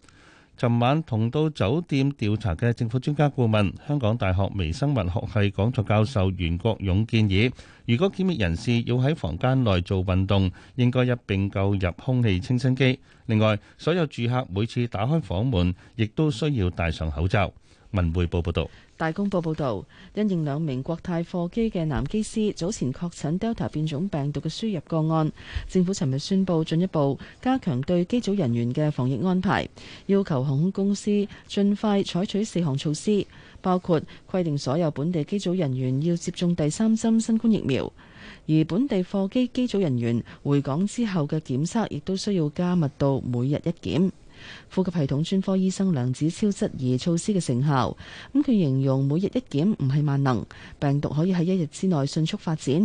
[SPEAKER 4] 尋晚同到酒店調查嘅政府專家顧問、香港大學微生物學系講座教授袁國勇建議，如果檢疫人士要喺房間內做運動，應該一並購入空氣清新機。另外，所有住客每次打開房門，亦都需要戴上口罩。文匯報報道，
[SPEAKER 3] 大公報報道，因應兩名國泰貨機嘅男機師早前確診 Delta 變種病毒嘅輸入個案，政府尋日宣布進一步加強對機組人員嘅防疫安排，要求航空公司盡快採取四項措施，包括規定所有本地機組人員要接種第三針新冠疫苗，而本地貨機機組人員回港之後嘅檢測亦都需要加密到每日一檢。呼吸系統專科醫生梁子超質疑措施嘅成效，咁佢形容每日一檢唔係萬能，病毒可以喺一日之內迅速發展。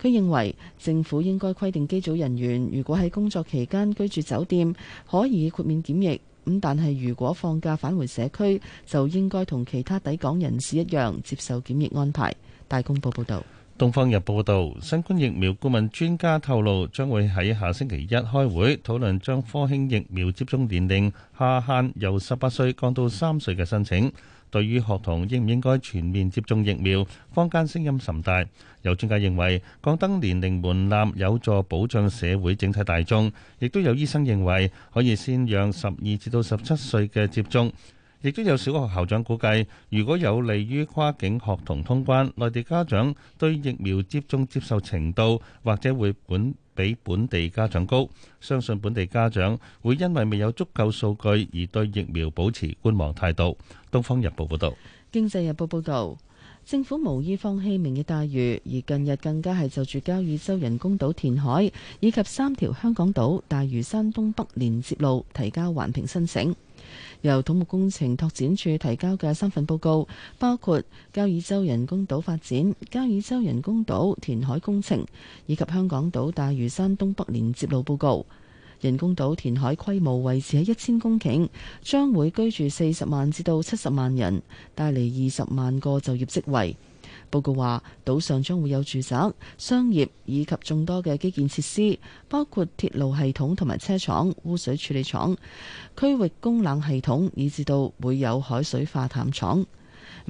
[SPEAKER 3] 佢認為政府應該規定機組人員如果喺工作期間居住酒店，可以豁免檢疫，咁但係如果放假返回社區，就應該同其他抵港人士一樣接受檢疫安排。大公報報導。
[SPEAKER 4] 《東方日報》報道，新冠疫苗顧問專家透露，將會喺下星期一開會討論將科興疫苗接種年齡下限由十八歲降到三歲嘅申請。對於學童應唔應該全面接種疫苗，坊間聲音甚大。有專家認為降低年齡門檻有助保障社會整體大眾，亦都有醫生認為可以先讓十二至到十七歲嘅接種。亦都有小學校長估計，如果有利於跨境學童通關，內地家長對疫苗接種接受程度或者會本比本地家長高。相信本地家長會因為未有足夠數據而對疫苗保持觀望態度。《東方日報》報導，
[SPEAKER 3] 《經濟日報》報導，政府無意放棄明日大嶼，而近日更加係就住交椅洲人工島填海，以及三條香港島大嶼山東北連接路提交環評申請。由土木工程拓展署提交嘅三份報告，包括交椅洲人工島發展、交椅洲人工島填海工程，以及香港島大嶼山東北連接路報告。人工島填海規模維持喺一千公頃，將會居住四十萬至到七十萬人，帶嚟二十萬個就業職位。報告話，島上將會有住宅、商業以及眾多嘅基建設施，包括鐵路系統同埋車廠、污水處理廠、區域供冷系統，以至到會有海水化淡廠。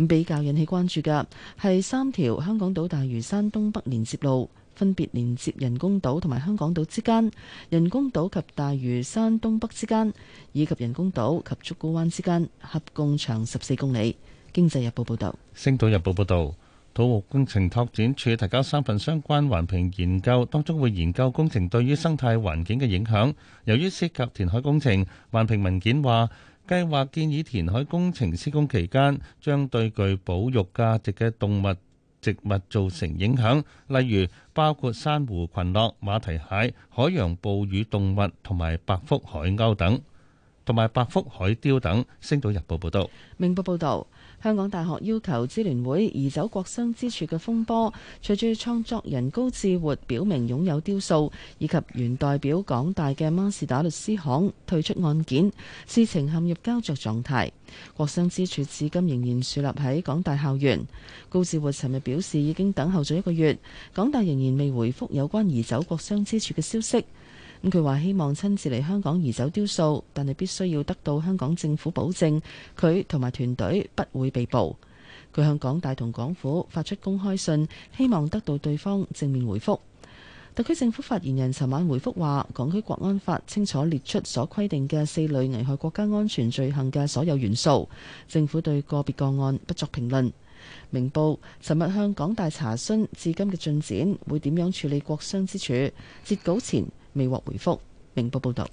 [SPEAKER 3] 比較引起關注嘅係三條香港島大嶼山東北連接路，分別連接人工島同埋香港島之間、人工島及大嶼山東北之間，以及人工島及竹篙灣之間，合共長十四公里。經濟日報報導，
[SPEAKER 4] 星島日報報道。土木工程拓展署提交三份相關環評研究，當中會研究工程對於生態環境嘅影響。由於涉及填海工程，環評文件話，計劃建議填海工程施工期間將對具保育價值嘅動物、植物造成影響，例如包括珊瑚群落、馬蹄蟹、海洋哺乳動物同埋白腹海鷗等。同埋百福海雕等，《星島日報》報道，
[SPEAKER 3] 明報報道，香港大學要求支聯會移走國殤之柱嘅風波，隨住創作人高志活表明擁有雕塑，以及原代表港大嘅孖士打律師行退出案件，事情陷入膠着狀態。國殤之柱至今仍然豎立喺港大校園。高志活尋日表示，已經等候咗一個月，港大仍然未回復有關移走國殤之柱嘅消息。咁佢話希望親自嚟香港移走雕塑，但係必須要得到香港政府保證，佢同埋團隊不會被捕。佢向港大同港府發出公開信，希望得到對方正面回覆。特區政府發言人尋晚回覆話，港區國安法清楚列出所規定嘅四類危害國家安全罪行嘅所有元素，政府對個別個案不作評論。明報尋日向港大查詢至今嘅進展，會點樣處理國殤之柱？截稿前。未獲回覆。明報報導，
[SPEAKER 4] 《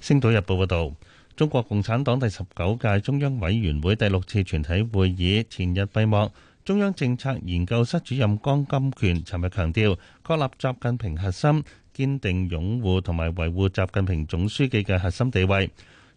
[SPEAKER 4] 星島日報》報導，中國共產黨第十九屆中央委員會第六次全體會議前日閉幕。中央政策研究室主任江金權尋日強調，確立習近平核心，堅定擁護同埋維護習近平總書記嘅核心地位。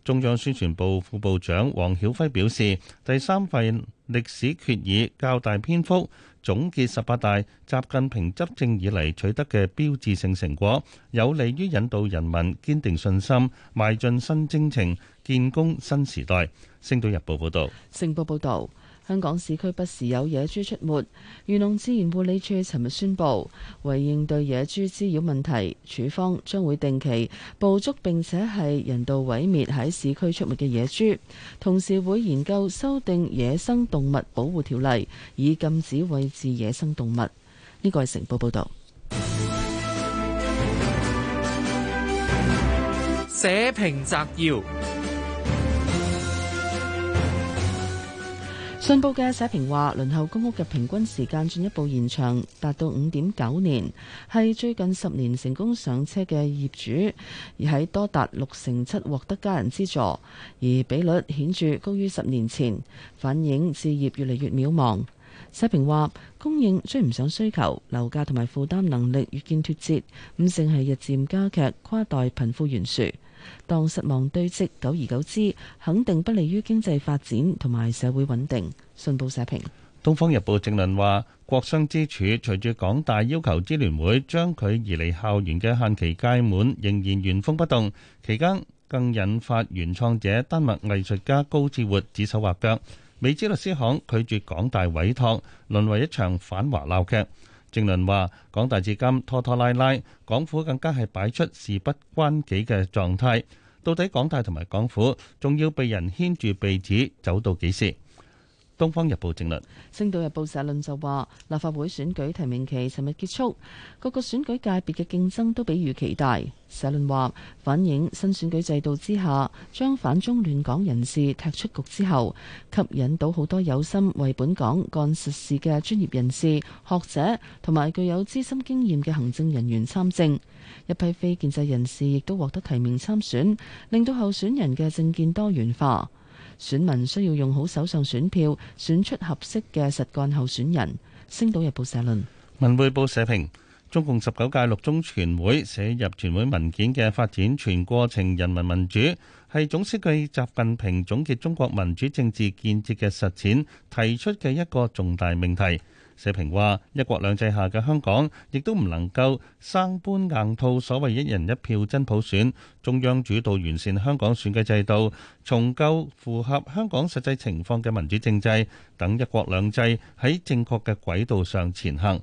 [SPEAKER 4] 中央宣傳部副部長王曉輝表示，第三份。歷史決議較大篇幅總結十八大習近平執政以來取得嘅標誌性成果，有利於引導人民堅定信心，邁進新征程，建功新時代。星島日報報道，
[SPEAKER 3] 星報報道。香港市區不時有野豬出沒，漁農自然護理署尋日宣布，為應對野豬滋擾問題，署方將會定期捕捉並且係人道毀滅喺市區出沒嘅野豬，同時會研究修訂野生動物保護條例，以禁止餵飼野生動物。呢個係成報報導。社評摘要。信報嘅社評話，輪候公屋嘅平均時間進一步延長，達到五點九年，係最近十年成功上車嘅業主，而喺多達六成七獲得家人資助，而比率顯著高於十年前，反映置業越嚟越渺茫。社評話，供應追唔上需求，樓價同埋負擔能力越見脫節，唔淨係日漸加劇跨代貧富懸殊。當失望堆積，久而久之，肯定不利於經濟發展同埋社會穩定。信報社評。
[SPEAKER 4] 《東方日報》正論話：國殤之柱，隨住港大要求支聯會將佢移離校園嘅限期屆滿，仍然原封不動。期間更引發原創者丹麥藝術家高志活指手畫腳，美資律師行拒絕港大委託，淪為一場反華鬧劇。正論話：港大至今拖拖拉拉，港府更加係擺出事不關己嘅狀態。到底港大同埋港府仲要被人牽住鼻子走到幾時？東方日報正論，
[SPEAKER 3] 星島日報社論就話：立法會選舉提名期尋日結束，各個選舉界別嘅競爭都比預期大。社論話，反映新選舉制度之下，將反中亂港人士踢出局之後，吸引到好多有心為本港幹實事嘅專業人士、學者同埋具有資深經驗嘅行政人員參政。一批非建制人士亦都獲得提名參選，令到候選人嘅政見多元化。選民需要用好手上選票，選出合適嘅實幹候選人。星島日報社論，
[SPEAKER 4] 文匯報社評：中共十九屆六中全會寫入全會文件嘅發展全過程人民民主，係總書記習近平總結中國民主政治建設嘅實踐提出嘅一個重大命題。社評話：一國兩制下嘅香港，亦都唔能夠生搬硬套所謂一人一票真普選，中央主導完善香港選舉制度，重構符合香港實際情況嘅民主政制，等一國兩制喺正確嘅軌道上前行。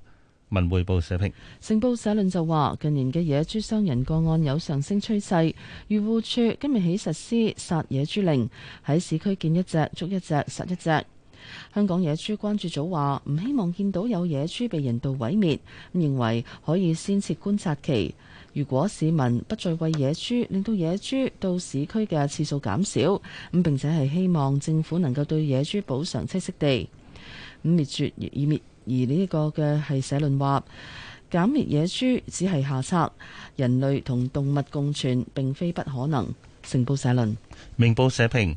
[SPEAKER 4] 文匯報社評，
[SPEAKER 3] 成報社論就話：近年嘅野豬傷人個案有上升趨勢，漁護署今日起實施殺野豬令，喺市區見一隻捉一隻殺一隻。香港野豬關注組話唔希望見到有野豬被人道毀滅，認為可以先設觀察期。如果市民不再餵野豬，令到野豬到市區嘅次數減少，咁並且係希望政府能夠對野豬補償棲息地。咁滅絕而滅而呢一個嘅係社論話，減滅野豬只係下策，人類同動物共存並非不可能。成報社論，
[SPEAKER 4] 明報社評。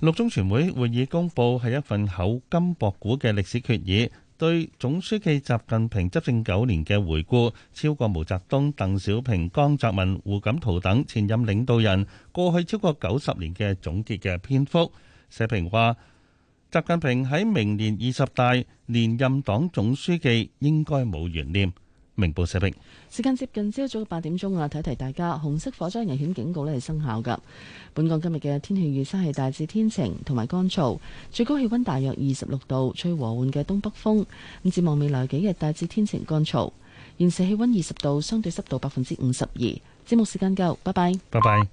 [SPEAKER 4] 六中全會會議公佈係一份厚今薄古嘅歷史決議，對總書記習近平執政九年嘅回顧，超過毛澤東、鄧小平、江澤民、胡錦濤等前任領導人過去超過九十年嘅總結嘅篇幅。社評話，習近平喺明年二十大連任黨總書記應該冇懸念。。明報社評
[SPEAKER 3] 時間，接近朝早八點鐘啊，提提大家，紅色火災危險警告咧係生效㗎。本港今日嘅天氣預測係大致天晴同埋乾燥，最高氣温大約二十六度，吹和緩嘅東北風。咁展望未來幾日，大致天晴乾燥。現時氣温二十度，相對濕度百分之五十二。節目時間夠，拜拜。
[SPEAKER 4] 拜拜。